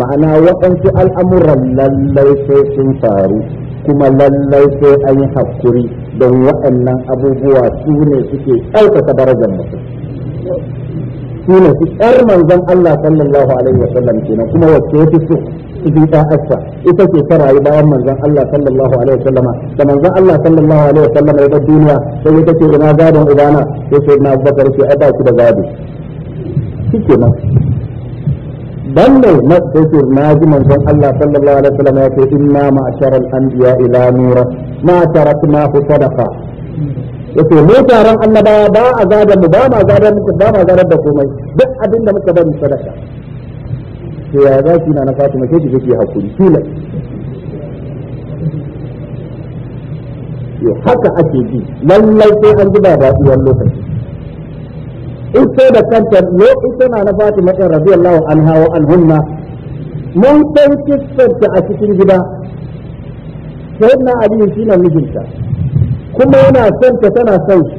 ma'ana waɗansu al'amuran lallai sai sun faru kuma lallai sai an yi hakuri don waɗannan abubuwa su ne suke ɗaukaka darajar mutum su ne su ƴar manzon Allah sallallahu alaihi wa sallam kenan kuma wacce ya fi so cikin ɗa'arsa ita ce ta rayu bayan manzon Allah sallallahu alaihi wa sallama da manzon Allah sallallahu alaihi wa sallama ya bar duniya sai ita ce ina gadon ubana sai ce na bakar ke ai ba ki da gado shi kenan lallai na sai na ji manzon Allah sallallahu alaihi wasallam ya ce inna ma'ashara al-anbiya ila nura ma tarakna mu taron annabawa ba a zada mu ba ma zada muku ba ma zada da komai duk abin da muka bari sadaka to ya za ki na Fatima ke ki kike hakuri kila haka ake ji lallai sai an ji ba da lokaci in sai da kanta lokacin na na Fatima ɗin radiyallahu anha wa anhunna mun san kissarta a cikin gida sai na Ali shi na mijinta kuma yana son ta tana son shi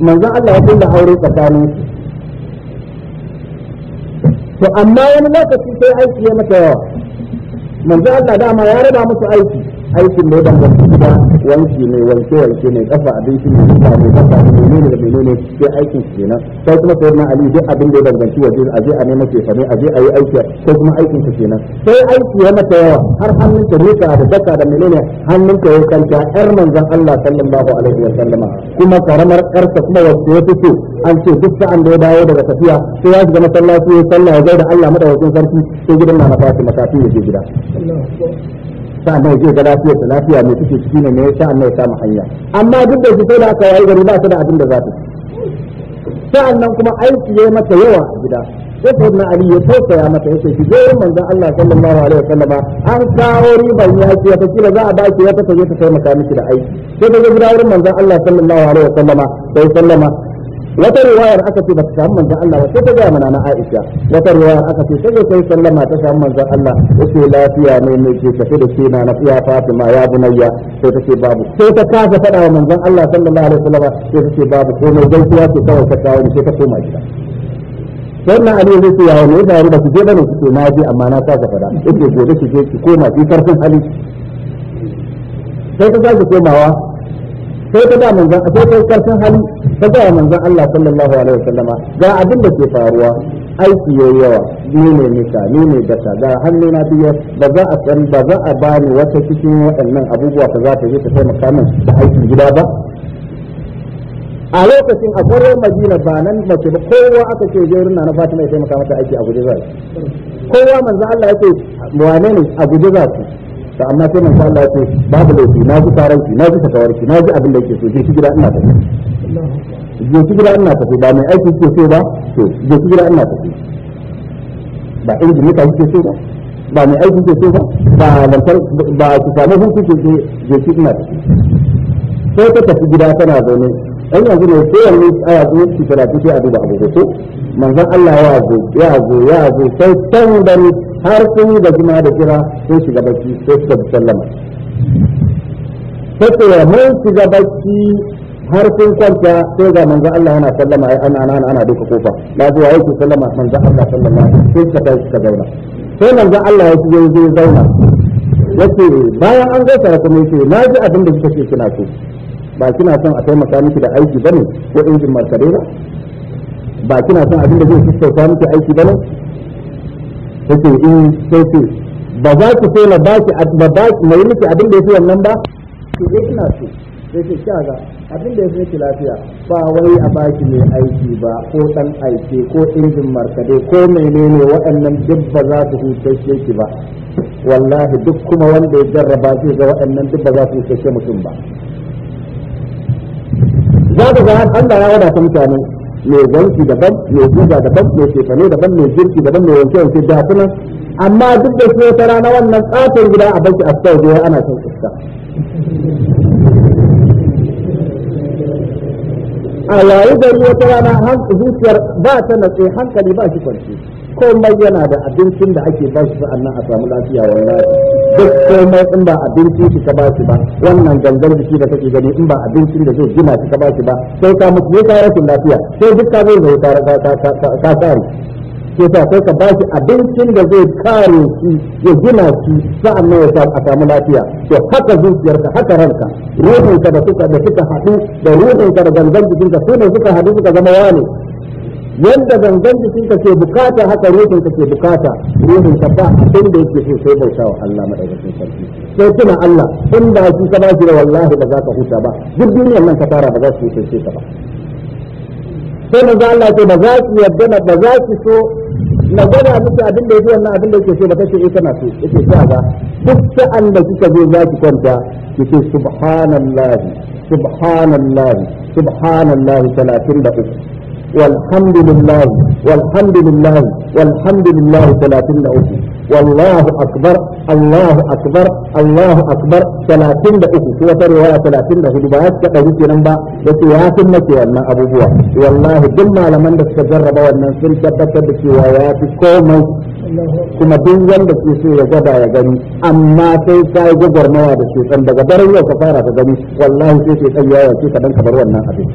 manzon Allah ya kulla aure tsakanin su to amma wani lokaci sai aiki ya mata yawa manzon Allah dama ya rada musu aiki aikin ne ban gantu ba wanki ne wanke wanke ne kafa abinci ne kafa ne kafa ne menene da menene sai aikin shi kenan sai kuma sai na ali duk abin da ya danganci waje a je a nemo ke ne a je a yi aiki sai kuma aikin shi kenan sai aiki ya mata yawa har hannun ta rika da daka da menene hannun ta ya kanta yar manzon Allah sallallahu alaihi wa sallama kuma karamar karsa kuma wacce ya fito an ce duk sa'an da ya dawo daga tafiya sai ya shiga masallaci ya sallah ya da Allah madaukakin sarki sai gidan na mata ta mata ya je gida sa'an mai zai ga lafiyar ta lafiya mai take ciki ne mai sa'an ya samu hanya amma duk da su sai da aka yayi gari ba su da abin da za su sa'an nan kuma aiki ya mata yawa a gida sai na ali ya tausaya mata yace ki zo manzon Allah sallallahu alaihi wasallam an kawo riban ce ya kila za a ba ki ya ta je ta taimaka miki da aiki sai ta zo gudanar manzon Allah sallallahu alaihi wasallam sai sallama wata riwayar aka ce baka samu manzon Allah ba sai ta ga mana na Aisha wata riwayar aka ce sai kai sallama ta samu manzon Allah yace lafiya ne mai ke tafi da shi na na Fatima ya bunayya sai ta ce babu sai ta kasa faɗa wa manzon Allah sallallahu alaihi wasallam sai ta ce babu komai gaisuwa ce kawai ta kawo sai ta koma gida sannan Ali zai ce yawo ne da ba ku je bane ku ce na je amma na kasa faɗa yace gobe ki je ki koma ki karfin hali sai ta kasa komawa sai ta da a sai ta karfin hali ta ga manzon Allah sallallahu alaihi wasallama ga abin da ke faruwa aiki yayi yawa ni ne nisa ni ne data ga hannu na biyo ba za a san ba za a bani wata cikin waɗannan abubuwa ba za ta je ta taimaka min da aikin gida ba a lokacin a kwarar madina ba nan mace ba kowa aka ce zai na fatima ya taimaka mata aiki a guje za kowa manzo Allah yake wane ne a guje za ku to amma sai mun Allah ce babu laifi na ji taranci na ji sakawarki na ji abin da yake so je ki gida ina tafi je ki gida ina tafi ba mai aiki ke so ba to je ki gida ina tafi ba injini ka ke so ba ba mai aiki ke so ba ba lantar ba ki samu hutu ke je je ki ina tafi sai ta tafi gida tana zaune dan yanzu ne sai wani aya ko ki karatu ki a duba abu ko manzon Allah ya zo ya zo ya zo sai tan da ni har sun yi gajima da kira sun shiga bacci sai su bi sallama sai ya mun shiga bacci har sun kwanta sai ga manzo Allah yana sallama ai ana ana ana duka kofa na zuwa yake sallama manzo Allah sallallahu alaihi wasallam sai ka tashi ka zauna sai manzo Allah ya shigo ya zauna yace bayan an gaisa kuma yace na ji abin da kika ce kina so ba kina son a taimaka miki da aiki bane ko injin markade ba ba kina son abin da zai sassauta miki aiki bane take in sai ba za ku so na baki ba ba na miki abin da yake wannan ba to dai ina so sai ce kaga abin da yake miki lafiya ba wai a baki mai aiki ba ko dan aiki ko injin markade ko menene waɗannan duk ba za su hutashe ki ba wallahi duk kuma wanda ya jarraba shi ga waɗannan duk ba za su hutashe mutum ba za ka ga Allah ya wadata mutane mai wanki daban mai guga daban mai shekane daban mai girki daban mai wanke wanke da kuma amma duk da shi ta rana wannan katon gida a banki a sau ana son iska a yayi gari wata rana zuciyar ba ta natsi hankali ba shi kwanci komai yana da abincin da ake ba shi nan a samu lafiya wallahi duk komai in ba abinci ki ka ba shi ba wannan gangan jiki da kake gani in ba abincin da zai gina ki ka ba shi ba sai ka mutu ka rashin lafiya sai duk ka zai zai ka tsari ke sai ka ba shi abincin da zai kare shi ya gina shi sa'an nan ya a samu lafiya to haka zuciyarka haka ranka ruhinka da suka da suka haɗu da ruhinka da gangan jikinka su ne suka hadu suka zama wane yadda gangan jikin ka ke bukata haka ruhin ka ke bukata ruhin ka ba abin da yake so sai bauta wa Allah madaukakin sarki sai tuna Allah in da shi ka bashi da wallahi ba za ka huta ba duk duniyar nan ka fara ba za su yi ka ba sai manzo Allah ce ba za su yarda ba za su so na gwada miki abin da yake wannan abin da yake so ba kace eh kana so yake sa ba duk sa'an da kika zo za ki kwanta kike subhanallahi subhanallahi subhanallahi 33 والحمد لله والحمد لله والحمد لله ثلاثين أوكي والله أكبر الله أكبر الله أكبر ثلاثين أوكي سوى رواية ثلاثين ده اللي بعد كأوكي نمبا بس يا سنة وأنا أبو بوا والله دم على من بس تجرب وأنا سنة بس روايات كومي kuma duk wanda ke so ya gwada ya gani amma sai ka yi gwagwarmawa da shekan daga daren yau ka fara ka gani wallahi sai shekan ya yace ka dan ka bar wannan abin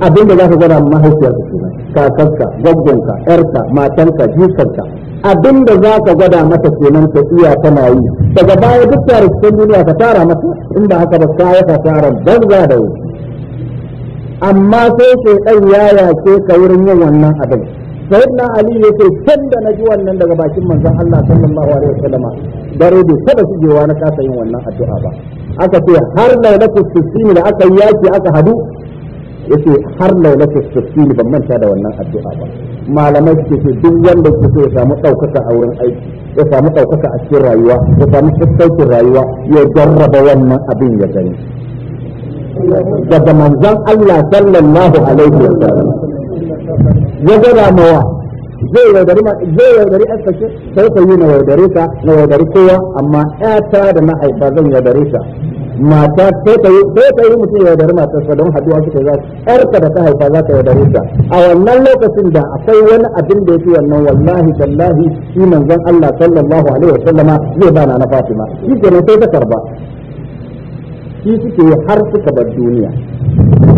abinda za ka gwada mahaifiyarka kenan kakarka gwaggonka yarka matanka jikarka abinda za ka gwada mata kenan ta iya tana yi daga baya duk tare cikin duniya ka tara mata in ba haka ba ka ka tara banza da wuce amma sai ke ɗan yaya yake ka wurin yin wannan abin na ali ya ce can da na ji wannan daga bakin manzon Allah sallallahu alaihi wasallam dare bai su shigewa na kasa yin wannan addu'a ba aka ce har da na kusurci da aka yi yaki aka hadu yace har laulatu sittin ban manta da wannan addu'a ba malamai suke ce duk wanda ke so ya samu ɗaukaka a wurin aiki ya samu ɗaukaka a cikin rayuwa ya samu sassaukin rayuwa ya jarraba wannan abin ya gani daga manzon Allah sallallahu alaihi wa sallam ya gada mawa zai yaudari ma zai yaudari an sai ka yi na yaudare ka na yaudari kowa amma ƴata da ma'aika zan yaudare ka mata sai ta yi mutum ya yaudari matarsa don haduwa suka za ƙarfa da ta haifa za ta yaudari ta a wannan lokacin da akwai wani abin da ya fi wannan wallahi tallahi shi manzon Allah sallallahu alaihi wasallama zai bana na Fatima shi nan sai ta karba shi suke har suka bar duniya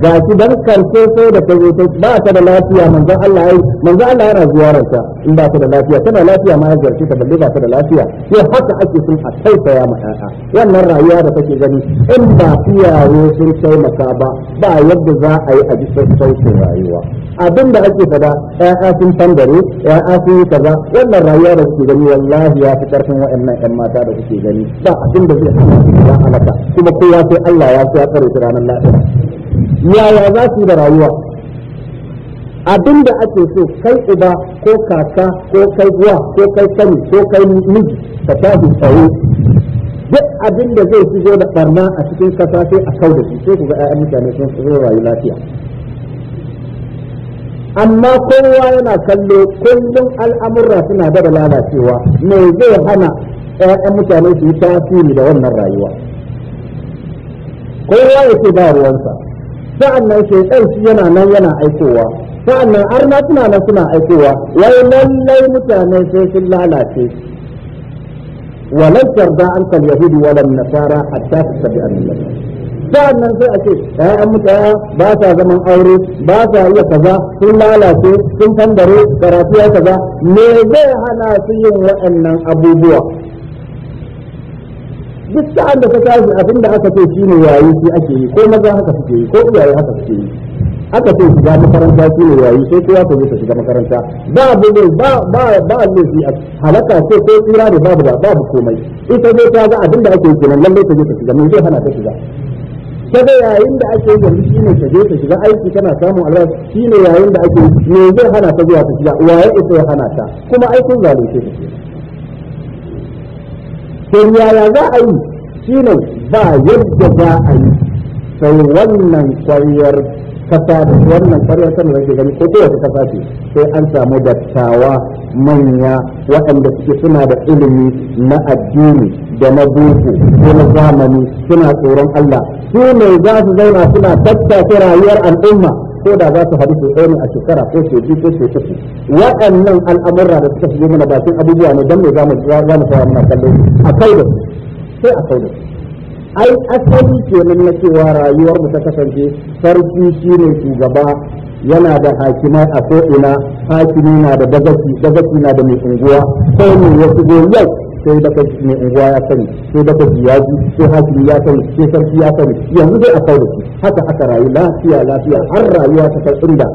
ga shi dan karshe sai da ta zo ba ta da lafiya manzon Allah ya manzon Allah yana ziyararta in ba ta da lafiya tana lafiya ma ya zarce ta balle ba ta da lafiya sai haka ake sun a tausaya ma ƴaƴa wannan rayuwa da kake gani in ba iyaye sun taimaka ba ba yadda za a yi a ji sauƙin rayuwa abin da ake fada ƴaƴa sun tangare ƴaƴa sun yi kaza wannan rayuwa da kuke gani wallahi ya fi karfin waɗannan ƴan mata da kuke gani ba abin da zai hana su da alaka kuma kowa sai Allah ya sa tsare ranar lafiya yaya za su da rayuwa abin da ake so kai uba ko kaka ko kai uwa ko kai sani ko kai miji ka tafi tsaro duk abin da zai shigo da barna a cikin kasa sai a kau da shi sai ku ga ƴaƴan mutane sun tsoro rayu lafiya amma kowa yana kallo kullum al'amurra suna da lalacewa me zai hana ƴaƴan mutane su yi tasiri da wannan rayuwa kowa ya ce ba ruwansa sa'annan shaitan shi yana nan yana aikowa sa'annan arna suna nan suna aikowa wai lallai mutane sai sun lalace ولن ترضى عنك اليهود ولا النصارى حتى تتبع ملتهم sa'annan sai a ce ƴaƴan mutaya ba sa zaman aure ba sa iya kaza sun lalace sun fandare karatu ya kaza me zai hana su yin waɗannan abubuwa duk sa'an da ka tashi abin da aka ce shine yayi shi ake yi ko maza haka suke yi ko iyaye haka suke yi aka ce shiga makaranta shi ne yayi sai kowa ko ta shiga makaranta ba bugu ba ba ba laifi a halaka ce ko tsira da babu da babu komai ita dai ta ga abin da ake yi kenan lallai ta je ta shiga mun zai hana ta shiga kada yayin da ake yanzu shi ne ta je ta shiga aiki kana samun Allah shi ne yayin da ake me zai hana ta zuwa ta shiga waye ita ya hana ta kuma aikin zalunci ta don yaya za a yi shi ne ba yadda za a yi sai wannan kwayar kasa da wannan kwayar sama da gani ko kowace kasa ce sai an samu dattawa manya waɗanda suke suna da ilimi na addini da na boko ko na zamani suna tsoron Allah su ne za su zauna suna tattace rayuwar al'umma ko da za su haɗu su tsaye a shekara ko su biyu ko su waɗannan al'amurra da suka fi mana bakin abubuwa ne don mai za mu za mu fara muna kallo a kai da sai a kai da ai asali kenan na cewa rayuwar mu ta kasance sarki shine shugaba yana da hakimai a ko'ina hakimi na da dagaci dagaci na da mai unguwa sai ne ya shigo yau sai baka mai unguwa ya sani sai baka ya sai hakimi ya sani sai sarki ya sani yanzu dai a kawo da shi haka aka rayu lafiya lafiya har rayuwa ta kai inda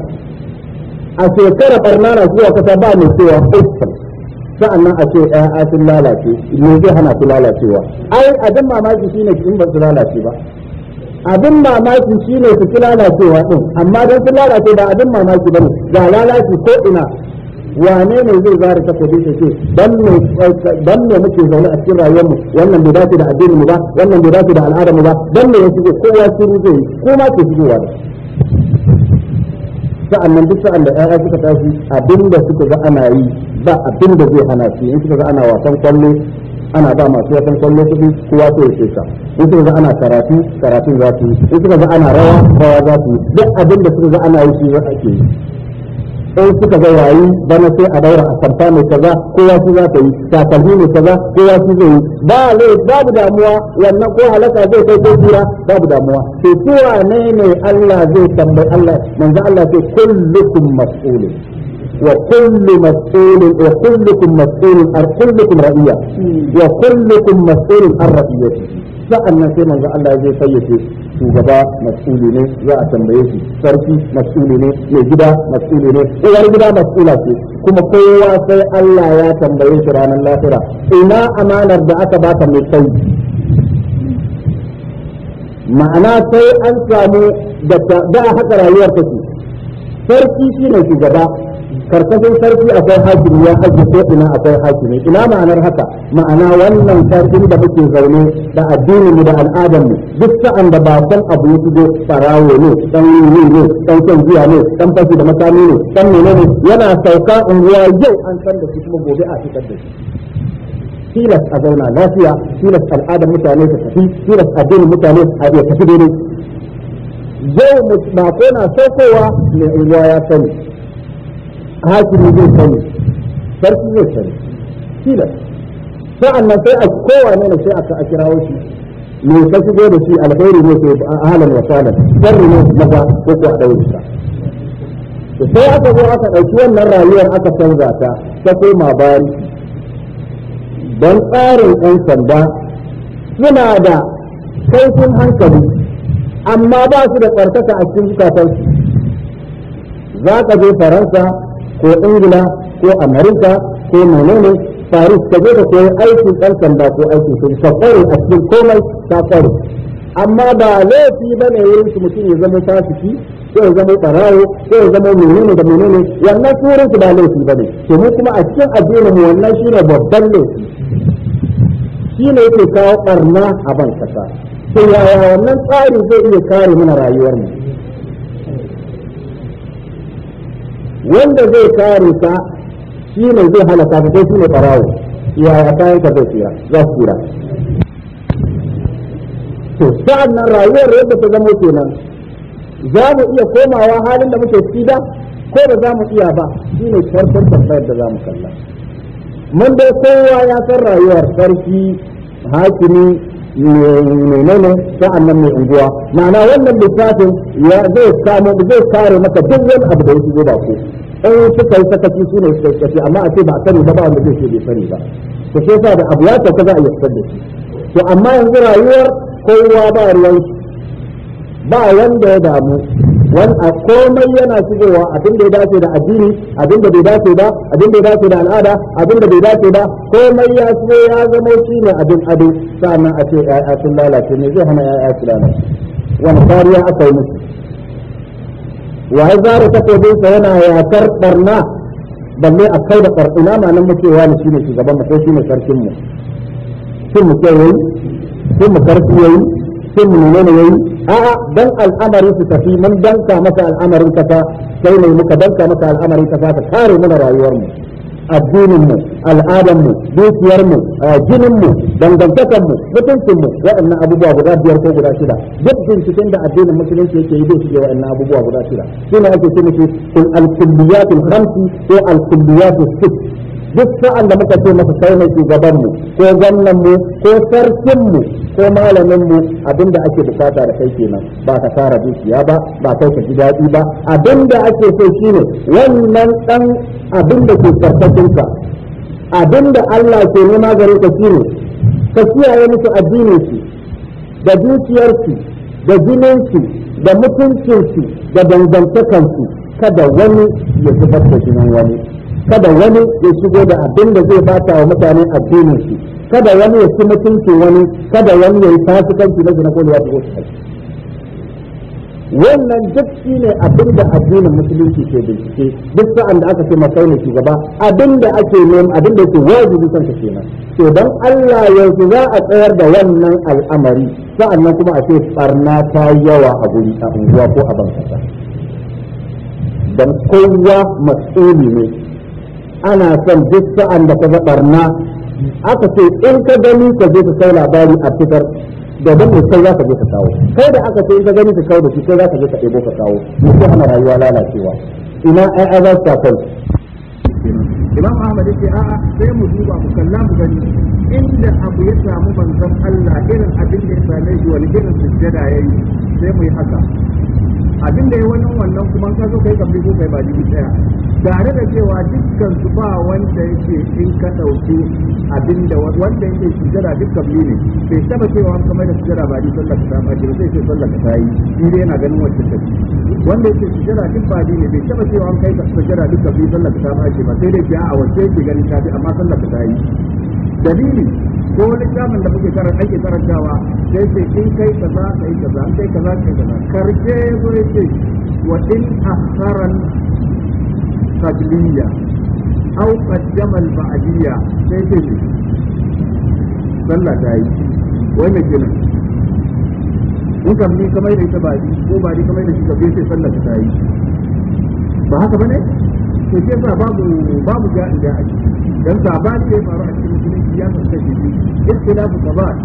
a shekara barna na zuwa kasa ba mai cewa aikin sa'annan a ce ɗaya sun lalace me zai hana su lalacewa ai abin mamaki shine in ba su lalace ba abin mamaki shine su fi lalacewa din amma don su lalace ba abin mamaki bane ga lalace ko ina wane ne zai zara ta kodi shi ce dan ne muke zaune a cikin rayuwar mu wannan bai dace da addinin mu ba wannan bai dace da al'adar mu ba dan ne yake kowa shiru zai ko ma ke shigowa da sa'an nan duk sa'an da ƴaƴa suka tashi abinda suka ga ana yi ba abinda zai hana shi in suka ga ana wasan kwallo ana ba masu wasan kwallo kuɗi kowa ko yace sa in suka ga ana karatu karatu za su yi in suka ga ana rawa rawa za su yi duk abinda suka ga ana yi shi ake yi in suka ga wayi bana sai a daura asamfa mai kaza kowa shi za ta yi takalmi mai kaza kowa shi zai yi ba lai babu damuwa wannan ko halaka zai kai ko jira babu damuwa to kowa ne ne Allah zai tambayi Allah manzo Allah sai kullukum mas'ulun wa kullu mas'ulun wa kullukum mas'ulun ar kullukum ra'iya hmm. wa kullukum mas'ulun ar ra'iyati nan sai manzo Allah zai fayyace shugaba mas'uli ne za a tambaye shi sarki mas'uli ne mai gida mas'uli ne uwar gida mas'ula ce kuma kowa sai Allah ya tambaye shi ranar lafira ina amanar da aka baka mai sauki ma'ana sai an samu da haka rayuwar take sarki shine shugaba karkashin sarki akwai hakimi ya haji ko ina akwai hakimi ina ma'anar haka ma'ana wannan sarkin da muke zaune da addinin mu da al'adar mu duk sa'an da bakon abu ya shigo farawo ne dan yini ne dan kan jiya ne dan fashi da makami ne dan ne. yana sauka unguwa yau an san da shi kuma gobe a fitar da shi tilas a zauna lafiya tilas al'adar mutane ta tafi tilas addinin mutane a iya tafi daidai yau ba na saukowa mai unguwa ya sani hakimi zai sani sarki zai sani tilas sa'annan sai a kowane ne sai aka a kirawo shi me ka shigo da shi alkhairi ne ke ahalan wa salan sharri ne maza ko ko a daure ta sai aka zo aka ɗauki wannan rayuwar aka canza ta ta koma bari don tsarin 'yan sanda suna da kaifin hankali amma ba su da tsarkaka a cikin zukatansu za ka je faransa ko ingila ko amerika ko menene faris ka je ka koyi aikin ɗan sanda ko aikin soja ka kware a cikin komai ka kware amma ba laifi ba ne wurin su mutum ya zama fasiki ko ya zama barawo ko ya zama menene da menene wannan turin su ba laifi ba ne to kuma a cikin addinin mu wannan shine babban laifi ne yake kawo ɓarna a ban kasa to yaya wannan tsari zai iya kare mana rayuwar mu wanda zai kare ka shi ne zai halaka ka kai shi ne ya ya kayan ka zai tsira za su tsira to sa'an nan rayuwar yadda ta zama kenan za mu iya komawa halin da muke ciki da ko ba za mu iya ba shi ne farkon tambayar da za mu kalla mun dai kowa ya san rayuwar sarki hakimi menene sa'an nan mai unguwa ma'ana wannan littafin ya zai kare maka duk wani abu da yake zo da ku in suka yi sakaci su ne suka sakaci amma a ce ba a sani ba ba wanda zai ce bai sani ba to sai sa da abu ya sauka za a iya fitar da shi to amma yanzu rayuwar kowa ba ruwan ba wanda ya damu wani a komai yana shigowa abin da ya dace da addini abin da bai dace ba abin da ya dace da al'ada abin da bai dace ba komai ya shigo ya zama shi ne abin ado sa'annan a ce ya'ya sun lalace ne zai hana ya'ya su lalace wani kariya aka yi musu wa ya zara takobinsa yana yakar barna balle a kai da ɓarɓina ma nan muke wani shi ne shugaban mu ko shi ne sarkin mu sun mu kai yayi sun mu karfi yayi sun mu nuna yayi a'a dan al'amarin su tafi mun danka maka al'amarin kasa sai ne muka danka maka al'amarin kasa ka kare mana rayuwar mu addininmu al'adarmu dukiyarmu eh, jininmu dangantakarmu mutuncinmu waɗannan abubuwa guda biyar ko guda shida duk binciken da addinin musulunci yake yi zai shige waɗannan abubuwa guda shida shi ne ake ce mishi al-kulliyatul khamsi ko al-kulliyatul duk sa'an da muka ce masa kai mai shugaban mu ko gannan mu ko sarkin mu ko malamin mu abinda ake bukata da kai kenan ba ka tara dukiya ba ba kai ka ji daɗi ba abinda ake so shine wannan dan abinda ke karkashin ka abinda Allah ke nema gare ka shine ka kiyaye musu addinin da dukiyarsu da jininsu da mutuncinsu da dangantakansu kada wani ya zubar da jinin wani kada wani ya shigo da abin da zai bata wa mutane addinin su kada wani ya ci mutunci wani kada wani ya yi fasikanci na zina ko ya shi wannan duk shi ne abin da addinin musulunci ke bincike duk sa'an da aka ce makai ne gaba abin da ake neman abin da ke wajibi kanka kenan to dan Allah yanzu za a tsayar da wannan al'amari sa'an nan kuma a ce barna ta yawa a guri a unguwa ko a bankasa dan kowa mas'uli ne ana son duk sa'an da ka ga barna aka ce in ka gani ka je ka kai labari a fitar da dan ne kai za ka je ka kawo kai da aka ce in ka gani ka kawo da shi kai za ka je ka ɗebo ka kawo mutum ana rayuwa lalacewa ina ai ai za su sa imam ahmad yake a'a sai mu duba mu kalla mu gani inda abu ya samu manzon Allah irin abin da ya same shi wani irin sujjada yayi sai mu yi haka abin da ya wani wannan kuma ka zo kai kabri ko kai ba jiki daya tare da cewa dukkan su ba wanda yake in ka dauke abin da wanda yake sujada duk kabri ne bai taba cewa an kamar da jira ba ji sallar ta ba ji sai sai sallar ta yi shi dai yana ganin wacce ta wanda yake jira duk ba ji ne bai taba cewa an kai ka sujada duk kabri sallar ta ba ji ba sai dai ya a wacce yake ganin ta amma sallar ta yi dalili ko wani littafin da muke karanta ake karantawa sai ce in kai kaza kai kaza in kai kaza kai kaza karshe zo yace wa in akharan qadliya aw qaddama al ba'diya sai ce sallah ta yi wai mai kenan in kam ni kamar da ita ba'adi ko ba'adi ni kamar da shi kabe sai sallah ta yi ba haka ba ne sai sa babu babu ga da a ciki dan saban da ya faru a cikin musulunci ya fuska shi ikhtilafu sabat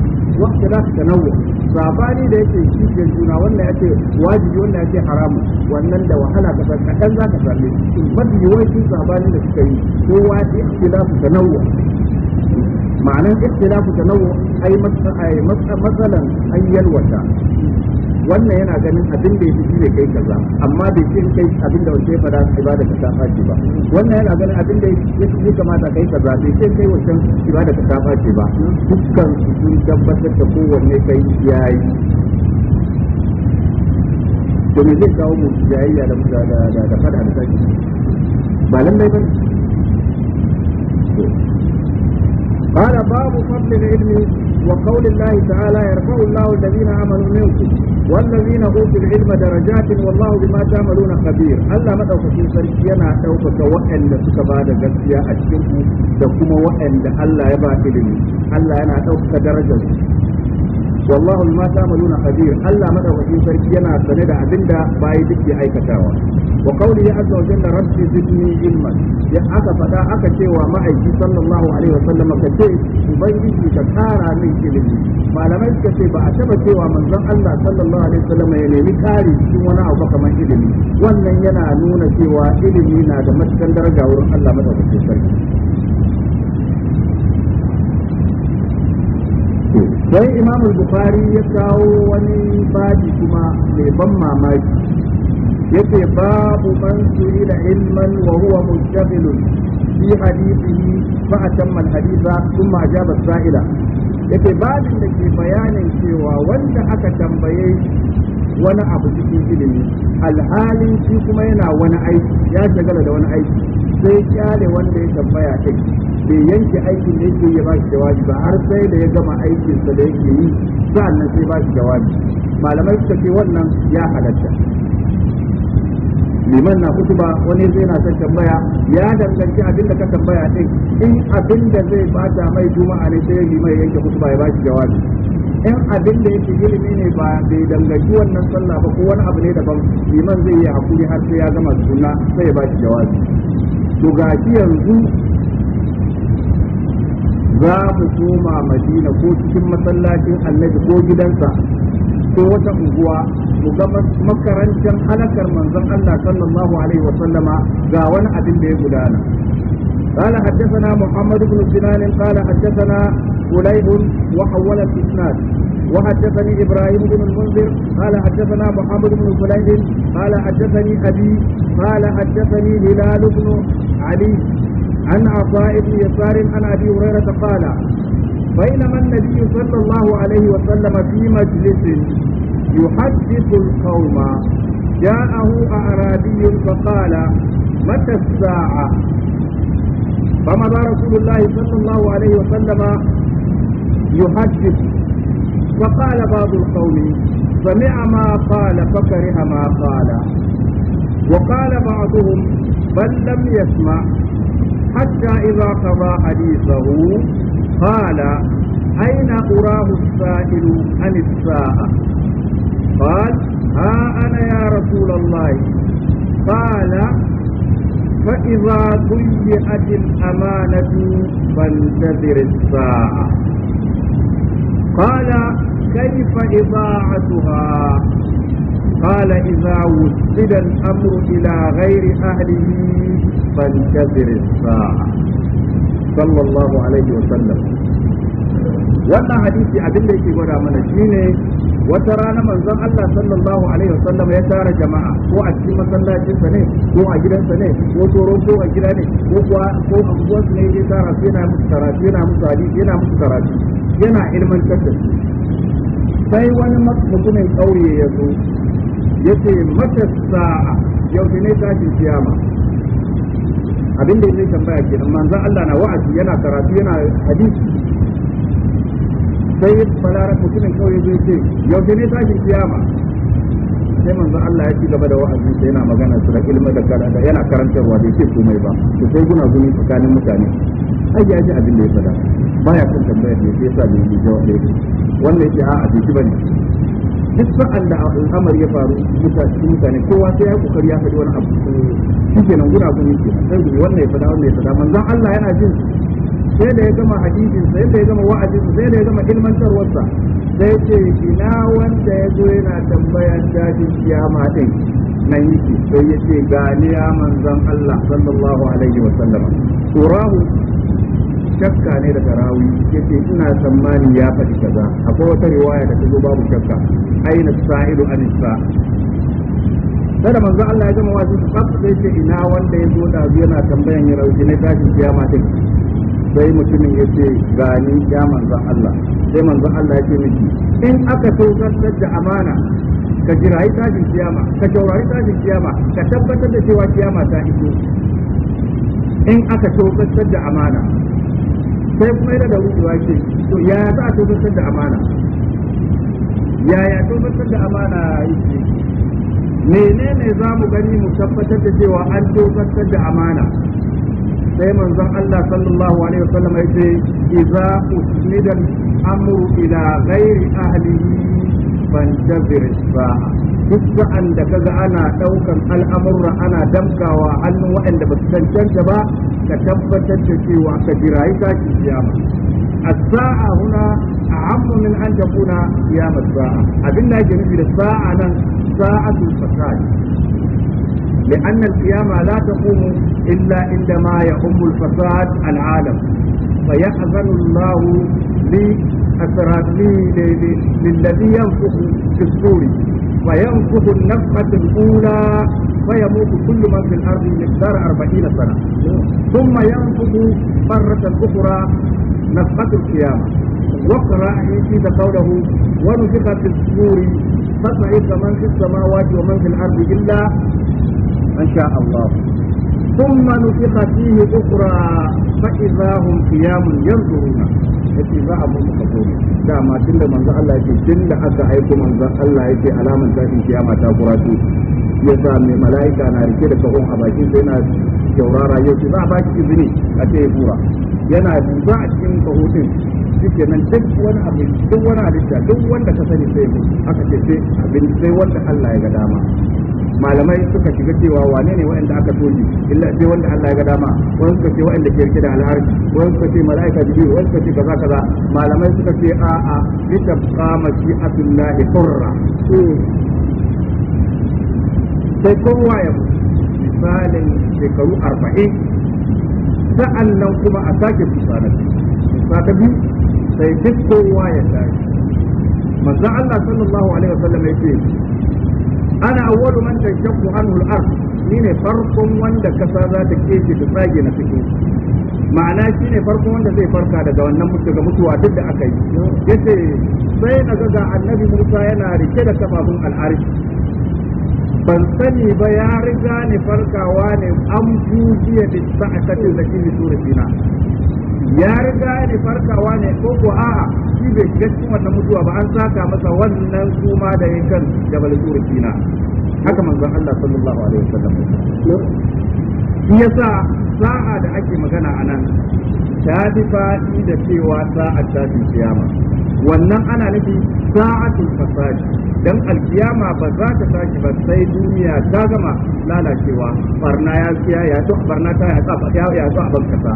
wa ikhtilafu tanawwu sabani da yake shi da juna wannan yake wajibi wannan yake haramu wannan da wahala ka san kadan zaka same shi mafi yawancin sabanin da suka yi kowa ikhtilafu tanawwu ma'anan ikhtilafu tanawu ai matsalan an yalwata wannan yana ganin abin da yake shine kai kaza amma bai ce kai abin da wace fara ibada ka ta faci ba wannan yana ganin abin da yake kamata kai kaza bai ce kai wancan ibada ka ta faci ba dukkan su sun tabbatar da kowanne kai yayi to me zai kawo mu jayayya da da da fada da saki ba lallai ba قال باب فضل العلم وقول الله تعالى يرفع الله الذين امنوا منكم والذين اوتوا العلم درجات والله بما تعملون خبير الله مدaukakin sarki yana ɗaukaka waɗanda suka ba da gaskiya a cikin da kuma wa'anda Allah ya ba ilimi Allah yana ɗaukaka darajar wallahu bima ta'maluna Allah madaukakin sarki yana sane da abinda bayi duke aikatawa wa qawli ya azza wa jalla rabbi zidni ilman ya aka fada aka cewa ma'aiki sallallahu alaihi wasallam ka ce ubangiji ka kara min ilimi malamai suka ce ba a taba cewa manzon Allah sallallahu alaihi wasallam ya nemi kare cikin wani abu kamar ilimi wannan yana nuna cewa ilimi na da matakan daraja wurin Allah madaukakin sarki sai imam bukari ya kawo wani babi kuma mai ban mamaki yace babu man da ilman wa huwa mushtaghilun fi hadithihi fa atamma al-haditha thumma ajaba saila yace babin da ke bayanin cewa wanda aka tambaye wani abu cikin ilimi alhali shi kuma yana wani aiki ya shagala da wani aiki sai kyale wanda ya tambaya kai bai yanke aikin da yake ya shi jawabi ba har sai da ya gama aikinsa da yake yi sa'annan sai ba shi jawabi malamai suka ce wannan ya halatta liman na kutuba wani zai na son tambaya ya danganci abin da ka tambaya din in abin da zai bata mai juma'a ne sai liman yanke kutuba ya ba shi jawabi in abin da yake ilimi ne ba bai danganci wannan sallah ba ko wani abu ne daban liman zai yi hakuri har sai ya gama suna sai ya ba shi jawabi to ga shi yanzu za mu koma madina ko cikin masallacin annabi ko gidansa ko wata unguwa mu ga makarantar halakar manzon Allah sallallahu alaihi wa sallama ga wani abin da ya gudana قال حدثنا محمد بن سنان قال حدثنا قليب وحول الاسناد وحدثني ابراهيم بن المنذر قال حدثنا محمد بن فليح قال حدثني ابي قال حدثني هلال بن علي عن عطاء بن يسار عن ابي هريره قال بينما النبي صلى الله عليه وسلم في مجلس يحدث القوم جاءه اعرابي فقال متى الساعه فمضى رسول الله صلى الله عليه وسلم يحدث فقال بعض القوم سمع ما قال فكره ما قال وقال بعضهم بل لم يسمع حتى إذا قضى حديثه قال أين أراه السائل عن الساعة قال ها أنا يا رسول الله قال فإذا ضيعت الأمانة فانتظر الساعة قال كيف إضاعتها قال إذا وسد الأمر إلى غير أهله فانتظر الساعة صلى الله عليه وسلم wannan hadisi abin da yake gwada mana shine wata rana manzon Allah sallallahu alaihi wasallam ya tara jama'a ko a cikin masallacin sa ne ko a gidansa ne ko tsoron ko a gida ne ko kuwa ko a unguwar ne ya tara su yana musu karatu yana musu hadisi da su sai wani mutumin kauye ya zo Yake mata sa'a yau ne tashin kiyama abin da yake tambaya kenan manzon Allah na wa'azi yana karatu yana hadisi sai balara mutumin kawai zai ce yau ne tashin kiyama sai manzo Allah ya ci gaba da wa'azi sai yana magana su da ilmi da karanta yana karantarwa bai ce komai ba to sai guna zuni tsakanin mutane ai ya ji abin da ya faɗa baya kan tambayar ne sai sa bai yi jawabi wannan yake a a bai ne. duk sa'an da al'amari ya faru mutane kowa sai ya kokari ya faɗi wani abu shi kenan gudagun ke sai gobe wannan ya faɗa wannan ya faɗa manzon Allah yana jin sai da ya gama hadisin sai da ya gama wa'azin sai da ya gama ilmantarwar sa sai ce ina wanda ya zo yana tambayar dajin kiyama din nan yake sai ya ce ga ni ya manzon Allah sallallahu alaihi wa sallama turahu shakka ne daga rawi ce ina tsammani ya faɗi kaza akwai wata riwaya da ta babu shakka aina sa'idu an sa sai da manzo Allah ya gama wasu tsaf sai ce ina wanda ya zo da yana tambayan ya rauki na tashin kiyama din sai mutumin ya ce gani ya manzo Allah sai manzo Allah ya ce miki in aka saukar da amana ka jirayi tashin kiyama ka shaurari tashin kiyama ka tabbatar da cewa kiyama ta iso in aka tokar da amana sai kuma yana da wucewa ce to ya za a tabbatar da amana yaya tabbatar da amana yake menene za mu gani mu tabbatar da cewa an tabbatar da amana sai manzon Allah sallallahu alaihi wasallam ya ce idza usnida amru ila ghairi ahlihi فانتظر الساعة كسا عند كذا أنا دوكا الأمر أنا دمكا وعن وإن بسكن شنشبا كتبت تشكي وعتجرائكا كيامة الساعة هنا أعم من أن تكون قيام الساعة أبنى جنب الساعة أنا ساعة الفساد لأن القيامة لا تقوم إلا عندما يقوم الفساد العالم فيأذن الله لي أسرات لي للذي ينفخ في الصور وينفخ النفخة الأولى فيموت كل من في الأرض مقدار أربعين سنة ثم ينفخ مرة أخرى نفخة القيامة واقرأ عيسى قوله ونفخ في الصور فصعد من في السماوات ومن في الأرض إلا إن شاء الله ثم نفخ فيه أخرى فإذا هم قيام ينظرون yace za a mutu ka kome dama tun da manzo Allah yake tun da aka aiko manzo Allah yake alaman tashin kiyama ta kurato ya sa mai mala'ika na rike da kahon a bakin sai na kyaurara ya ce za a baki izini a ce ya kura yana duba a cikin kahotin shike nan duk wani abin duk wani halitta duk wanda ka sani sai mu aka ce sai abin sai wanda Allah ya ga dama malamai suka shiga cewa wane ne waɗanda aka soji illa sai wanda Allah ya ga dama wani suka ce waɗanda ke rike da al'arshi wani suka ce mala'ika biyu wani suka ce kaza kaza malamai suka ce a a litabqa asullahi hurra sai kowa ya misalin shekaru arba'in sa'an nan kuma a sake misalin misali biyu sai duk kowa ya tashi manzo Allah sallallahu alaihi wasallam ya ce ana awwalu man tashaqqu anhu al-ard shine farkon wanda kasa za ta keke da tsage na cikin ma'ana shine farkon wanda zai farka daga wannan mutu ga mutuwa duk da aka yi yace sai na ga annabi Musa yana rike da kafafun al'adu. ban sani ba ya riga ne farkawa ne an bujiya da ta da surati na ya riga ne farkawa ne ko ko a'a shi bai shiga cikin wannan mutuwa ba an saka masa wannan suma da ya kan jabal turkina haka manzon Allah sallallahu alaihi wasallam shi yasa sa'a da ake magana anan ta fi faɗi da cewa sa'a ta fi kiyama wannan ana nufi sa'atul fasad dan alkiyama ba za ta saki ba sai duniya ta gama lalacewa barna ya kiya ya to barna ta ya tsafa ya ya to aban kasa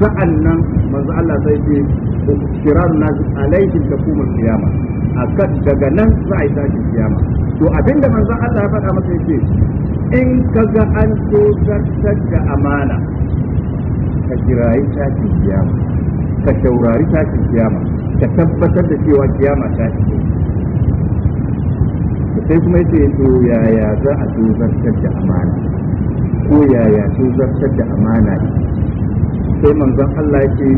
sa'annan manzo Allah sai ce kiran nas alaihi takum alkiyama akan daga nan za a yi saki kiyama to abinda manzo Allah ya faɗa masa yake in ka ga an to zartar da amana ka kirayi saki kiyama ka taurari tashin kiyama ka tabbatar da cewa kiyama ta iso sai kuma yace to yaya za a tozartar da amana ko yaya tozartar da amana sai manzon Allah yake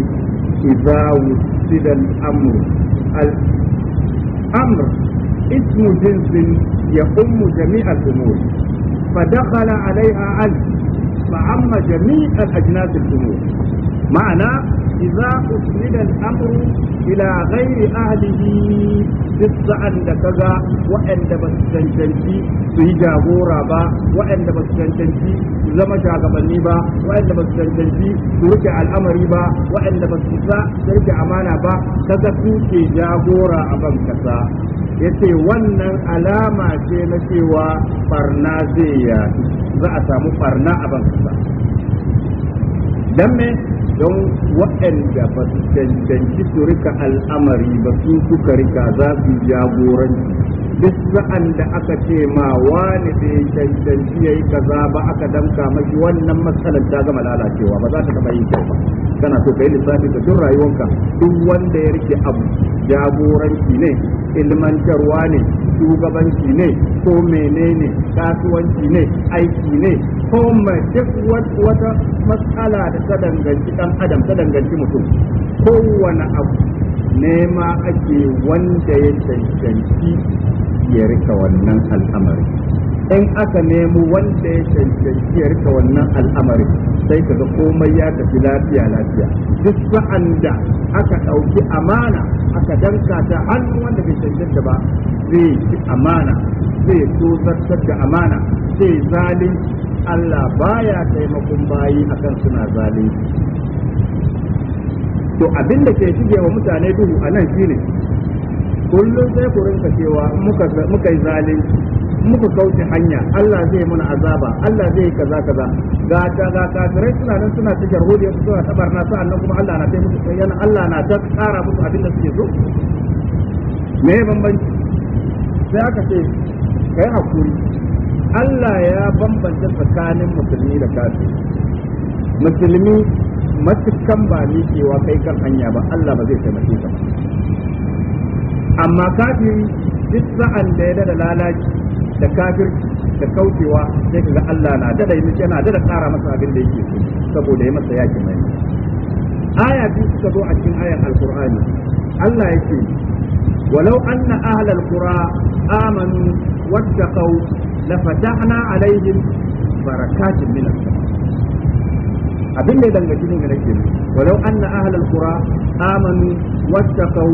idza wusida al-amr al-amr ismu jinsin يقوم جميع الأمور فدخل عليها ألف فعم جميع الأجناس الأمور ma'ana idza usnida al-amru ila ghairi ahlihi duk sa'an da kaga waɗanda ba su cancanci su yi jagora ba waɗanda ba su cancanci su zama shagabanni ba waɗanda ba su cancanci su rike al'amari ba waɗanda ba su sa amana ba kaga su ke jagora a ban kasa yace wannan alama ce na cewa barna zai yaɗu za a samu barna a ban kasa dan me don waɗanda ba su cancanci su rika al'amari ba su suka rika za su jagoranci duk sa'an da aka ce ma wani bai cancanci ya yi kaza ba aka damka mashi wannan matsalar ta gama lalacewa ba za ta taɓa yin kyau ba kana so yi lissafi ka tun rayuwanka duk wanda ya rike abu jagoranci ne ilmantarwa ne shugabanci ne ko menene kasuwanci ne aiki ne ko duk wata matsala da ta danganci dan adam ta danganci mutum kowane abu nema ake wanda ya cancanci ya rika wannan al'amari in aka nemo wanda ya cancanci ya rika wannan al'amari sai kaga komai ya tafi lafiya lafiya duk sa'an aka ɗauki amana aka danka ta hannu wanda bai cancanta ba zai ci amana zai tozartar da amana sai zalunci Allah baya taimakon bayi akan suna zalunci to abin da ke shige wa mutane duhu a nan shine kullum sai ku rinka cewa muka yi zalunci muku kauce hanya Allah zai mana azaba Allah zai kaza kaza ga ta ga kafirai suna nan suna ta jarhudi suna ta barna sa'annan kuma Allah na ta musu yana Allah na ta tsara musu abin da suke so me bambanci sai aka ce kai hakuri Allah ya bambanta tsakanin musulmi da kafiri musulmi matukan ba ni cewa kai kan hanya ba Allah ba zai taimake ka amma kafiri duk sa'an da ya da lalaci da kafir da kaucewa sai kaga Allah na dada yi yana dada tsara masa abin da yake saboda ya masa yaki mai aya biyu suka zo a cikin ayar alqur'ani Allah yake walau anna ahlal qura amanu wattaqau lafatahna alaihim barakatin minas sama abin da ya dangaci ne gare ke walau anna ahlal qura amanu wattaqau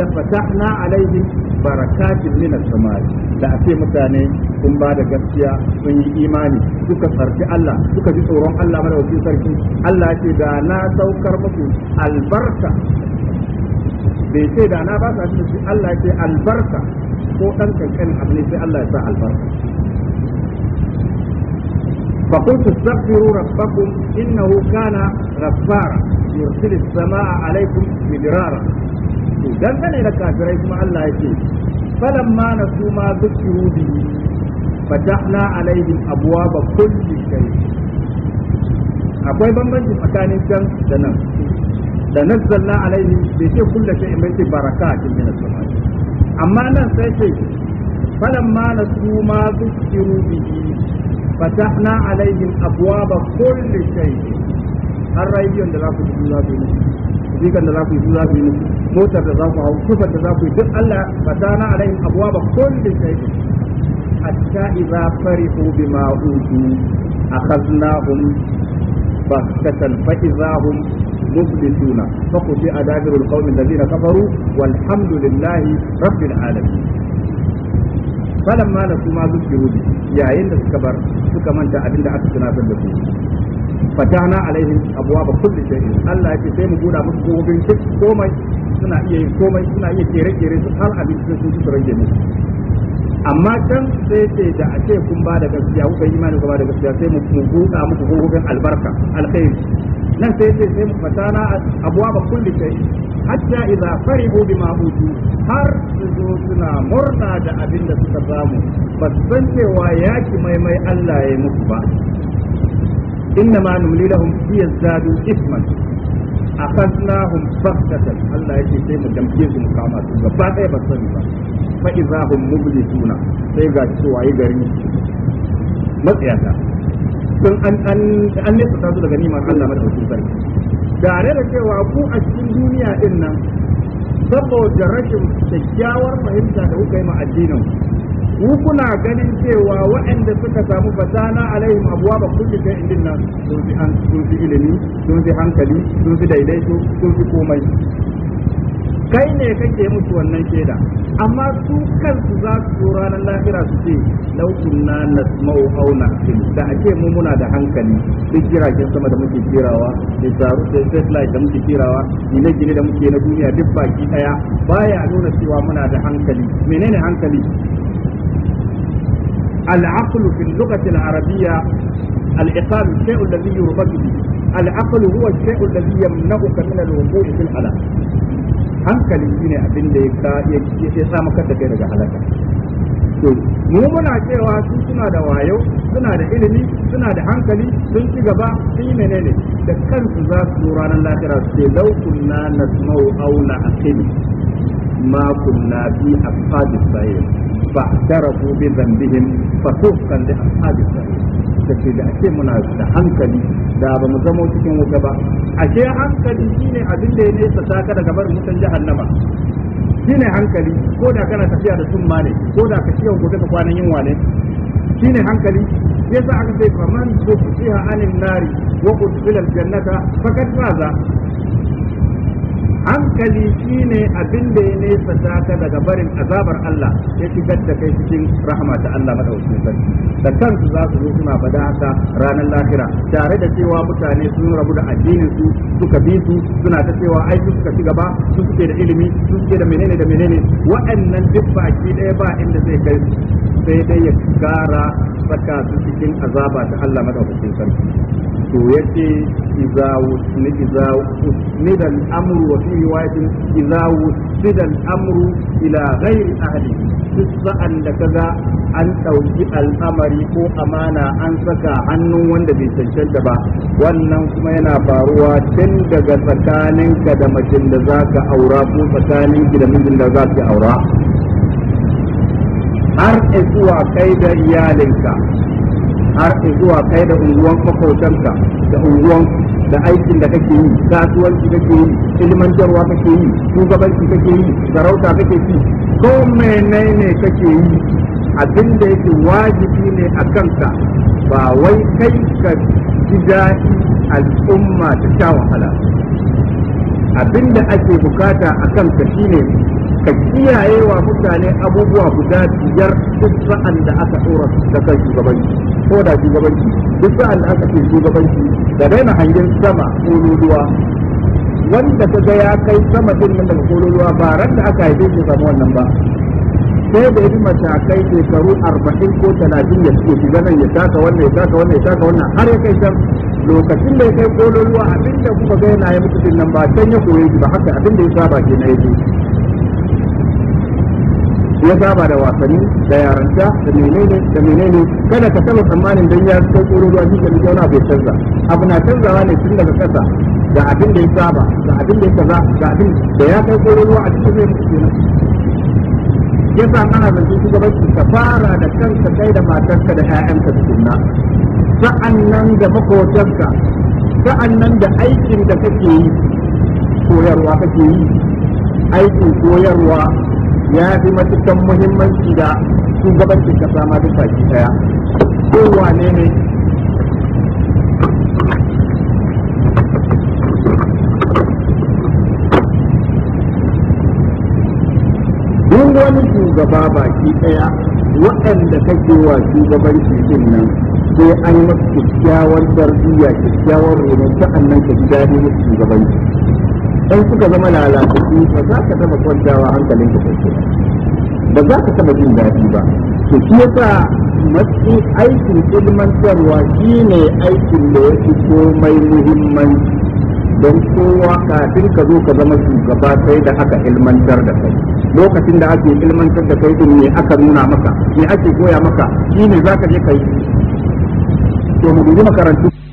la fatahna alaihim barakatin min as-samai da ake mutane sun ba da gaskiya sun yi imani suka sarki Allah suka ji tsoron Allah madaukakin sarki Allah ce da na saukar muku albarka bai ce da na ba su Allah ce albarka ko dan kankan sai Allah ya sa albarka فقلت استغفروا ربكم إنه كان غفارا يرسل السماء عليكم مدرارا dangane da kafirai kuma Allah ya ce falamma na su ma zukiru bihi fatahna alaihim akwai bambanci tsakanin can da nan da nazzalna alaihim bai ce kullu shay bai baraka a cikin as-sama amma nan sai ce falamma na ma fatahna alaihim abwaba kulli shay har rayuwar da za ku ji za ku yi jikan da za ku yi za ku yi motar da za ku hau kufar da za ku yi duk Allah fatahna alaihim abwaba kulli shay hatta idza farihu bima utu akhadnahum baghtatan fa idza hum مبلسون فقطع دابر القوم الذين كفروا والحمد لله رب العالمين فلما نسوا ما ذكروا به yayin da suka bar suka manta abin da aka tunatar da su fatana alaihim abwaba kulli shay'in Allah yake sai mu buda musu kofofin duk komai suna iya yin komai suna iya kere-kere su har abin da su su rage musu amma can sai ce da a ce kun ba da gaskiya kuka imani da gaskiya sai mu buda muku kofofin albarka alkhairi nan sai ce sai fatana ba kulli shay hatta idza farihu bima utu har su zo suna murna da abin da suka samu ba su san cewa ki maimai Allah ya muku ba inna ma numli lahum yazadu isman akhadnahum baghtatan Allah yake sai mu damke su mu kama su gaba ɗaya ba sani ba fa idza hum mublisuna sai ga cewa yi garin matsayata sun an an an lissa su daga niman Allah wasu sarki tare da cewa ku a cikin duniya din nan saboda rashin kyakkyawar fahimta da kuka yi ma addinin ku kuna ganin cewa waɗanda suka samu fasana alaihim abuwa ba kulli kai nan sun fi sun fi ilimi sun fi hankali sun fi daidaito sun fi komai kai ne kake mutu wannan shaida amma su kansu za su zo ranar lahira su ce laukin na nasmau auna da ake mummuna muna da hankali duk jiragen sama da muke kirawa da zaru da satellite da muke kirawa gine gine da muke na duniya duk baki daya baya nuna cewa muna da hankali menene hankali العقل في اللغة العربية العقاب الشيء الذي يربط به العقل هو الشيء الذي يمنعك من الوقوع في الهلاك hankali ne abin da ya ya sa maka da daga halaka to mu muna cewa su suna da wayo suna da ilimi suna da hankali sun ci gaba sun yi menene da kansu za su ranar lafira su ce lau kunna nasma'u na ما كنا في أصحاب السعير فاعترفوا بذنبهم فسوقا لأصحاب السعير kace da ake muna da hankali da ba mu zama cikin wuta ba ashe hankali shine abin da ya nesa taka daga barin mutan jahannama shine hankali ko da kana tafiya da tumma ne ko da ka ciwon gobe ka kwana yin ne shine hankali yasa aka ce faman ko fiha anin nari wa udkhila jannata faqad faza hankali shine abin da ya nesa ka daga barin azabar Allah ya shigar da kai cikin rahama ta Allah madaukakin sarki da kansu za su zo suna fada haka ranar lahira tare da cewa mutane sun rabu da addinin su suka bi su suna ta cewa ai su suka ci gaba su suke da ilimi su suke da menene da menene waɗannan duk baki ɗaya ba inda zai kai su sai dai ya kara saka su cikin azaba ta Allah madaukakin sarki to yace iza usnida al-amru wa fi riwayat idza wusida al-amru ila ghairi ahli sa'an da kaza an dauki al'amari ko amana an saka hannu wanda bai cancanta ba wannan kuma yana faruwa tun daga tsakaninka da mashin da za ka aura ko tsakanin da mijin da za ka aura har zuwa kai da iyalinka har zuwa kai da unguwan makotanka da unguwan da aikin da kake yi kasuwanci kake yi ilmantarwa kake yi shugabanci kake yi sarauta kake yi ko menene kake yi abin da yake wajibi ne a kanka ba wai kai ka ji daɗi al'umma ta sha wahala abin da ake bukata a kanka shine ka kiyaye wa mutane abubuwa guda biyar duk sa'an da aka tsora da kan shugabanci ko da shugabanci duk sa'an da aka ce shugabanci da daina hangen sama kololuwa wanda ta ga ya kai sama din nan daga kololuwa ba ran da aka haife shi samu wannan ba sai da yi matakai shekaru arba'in ko talatin ya suke shiga nan ya taka wannan ya taka wannan ya taka wannan har ya kai can lokacin da ya kai kololuwa abinda kuka ga yana ya mutu din nan ba can ya koye shi ba haka abinda ya saba ke na yake ya saba da wasanni da yaranta da menene da menene kada ka taba tsammanin dan ya sai tsoro zuwa shi da wani bai canza abu na canzawa ne tun daga kasa ga abin da ya saba ga abin da ya kaza ga abin da ya kai tsoro zuwa a cikin zai mutu sa ana zance shugabanci ka fara da kanka kai da matarka da 'ya'yanka tukunna sa'annan da makotanka sa'annan da aikin da kake yi koyarwa kake yi aikin koyarwa ya fi matukan muhimmanci da shugabancin kasa ma duk baki daya wane ne duk wani shugaba baki daya waɗanda kake wa shugabanci din nan sai an yi masa kyakkyawar tarbiyya kyakkyawar reno sa'annan ka ji daɗin shugabanci dan suka zama lalatattu ba za ka taba kwantawa hankalin ka kwanci ba za ka taba jin daɗi ba to shi yasa matsi aikin ilmantarwa shi ne aikin da ya fi komai muhimmanci don kowa kafin ka zo ka zama shugaba sai da aka ilmantar da kai lokacin da ake ilmantar da kai din ne aka nuna maka ne ake koya maka shi ne za ka je ka yi to mu makarantu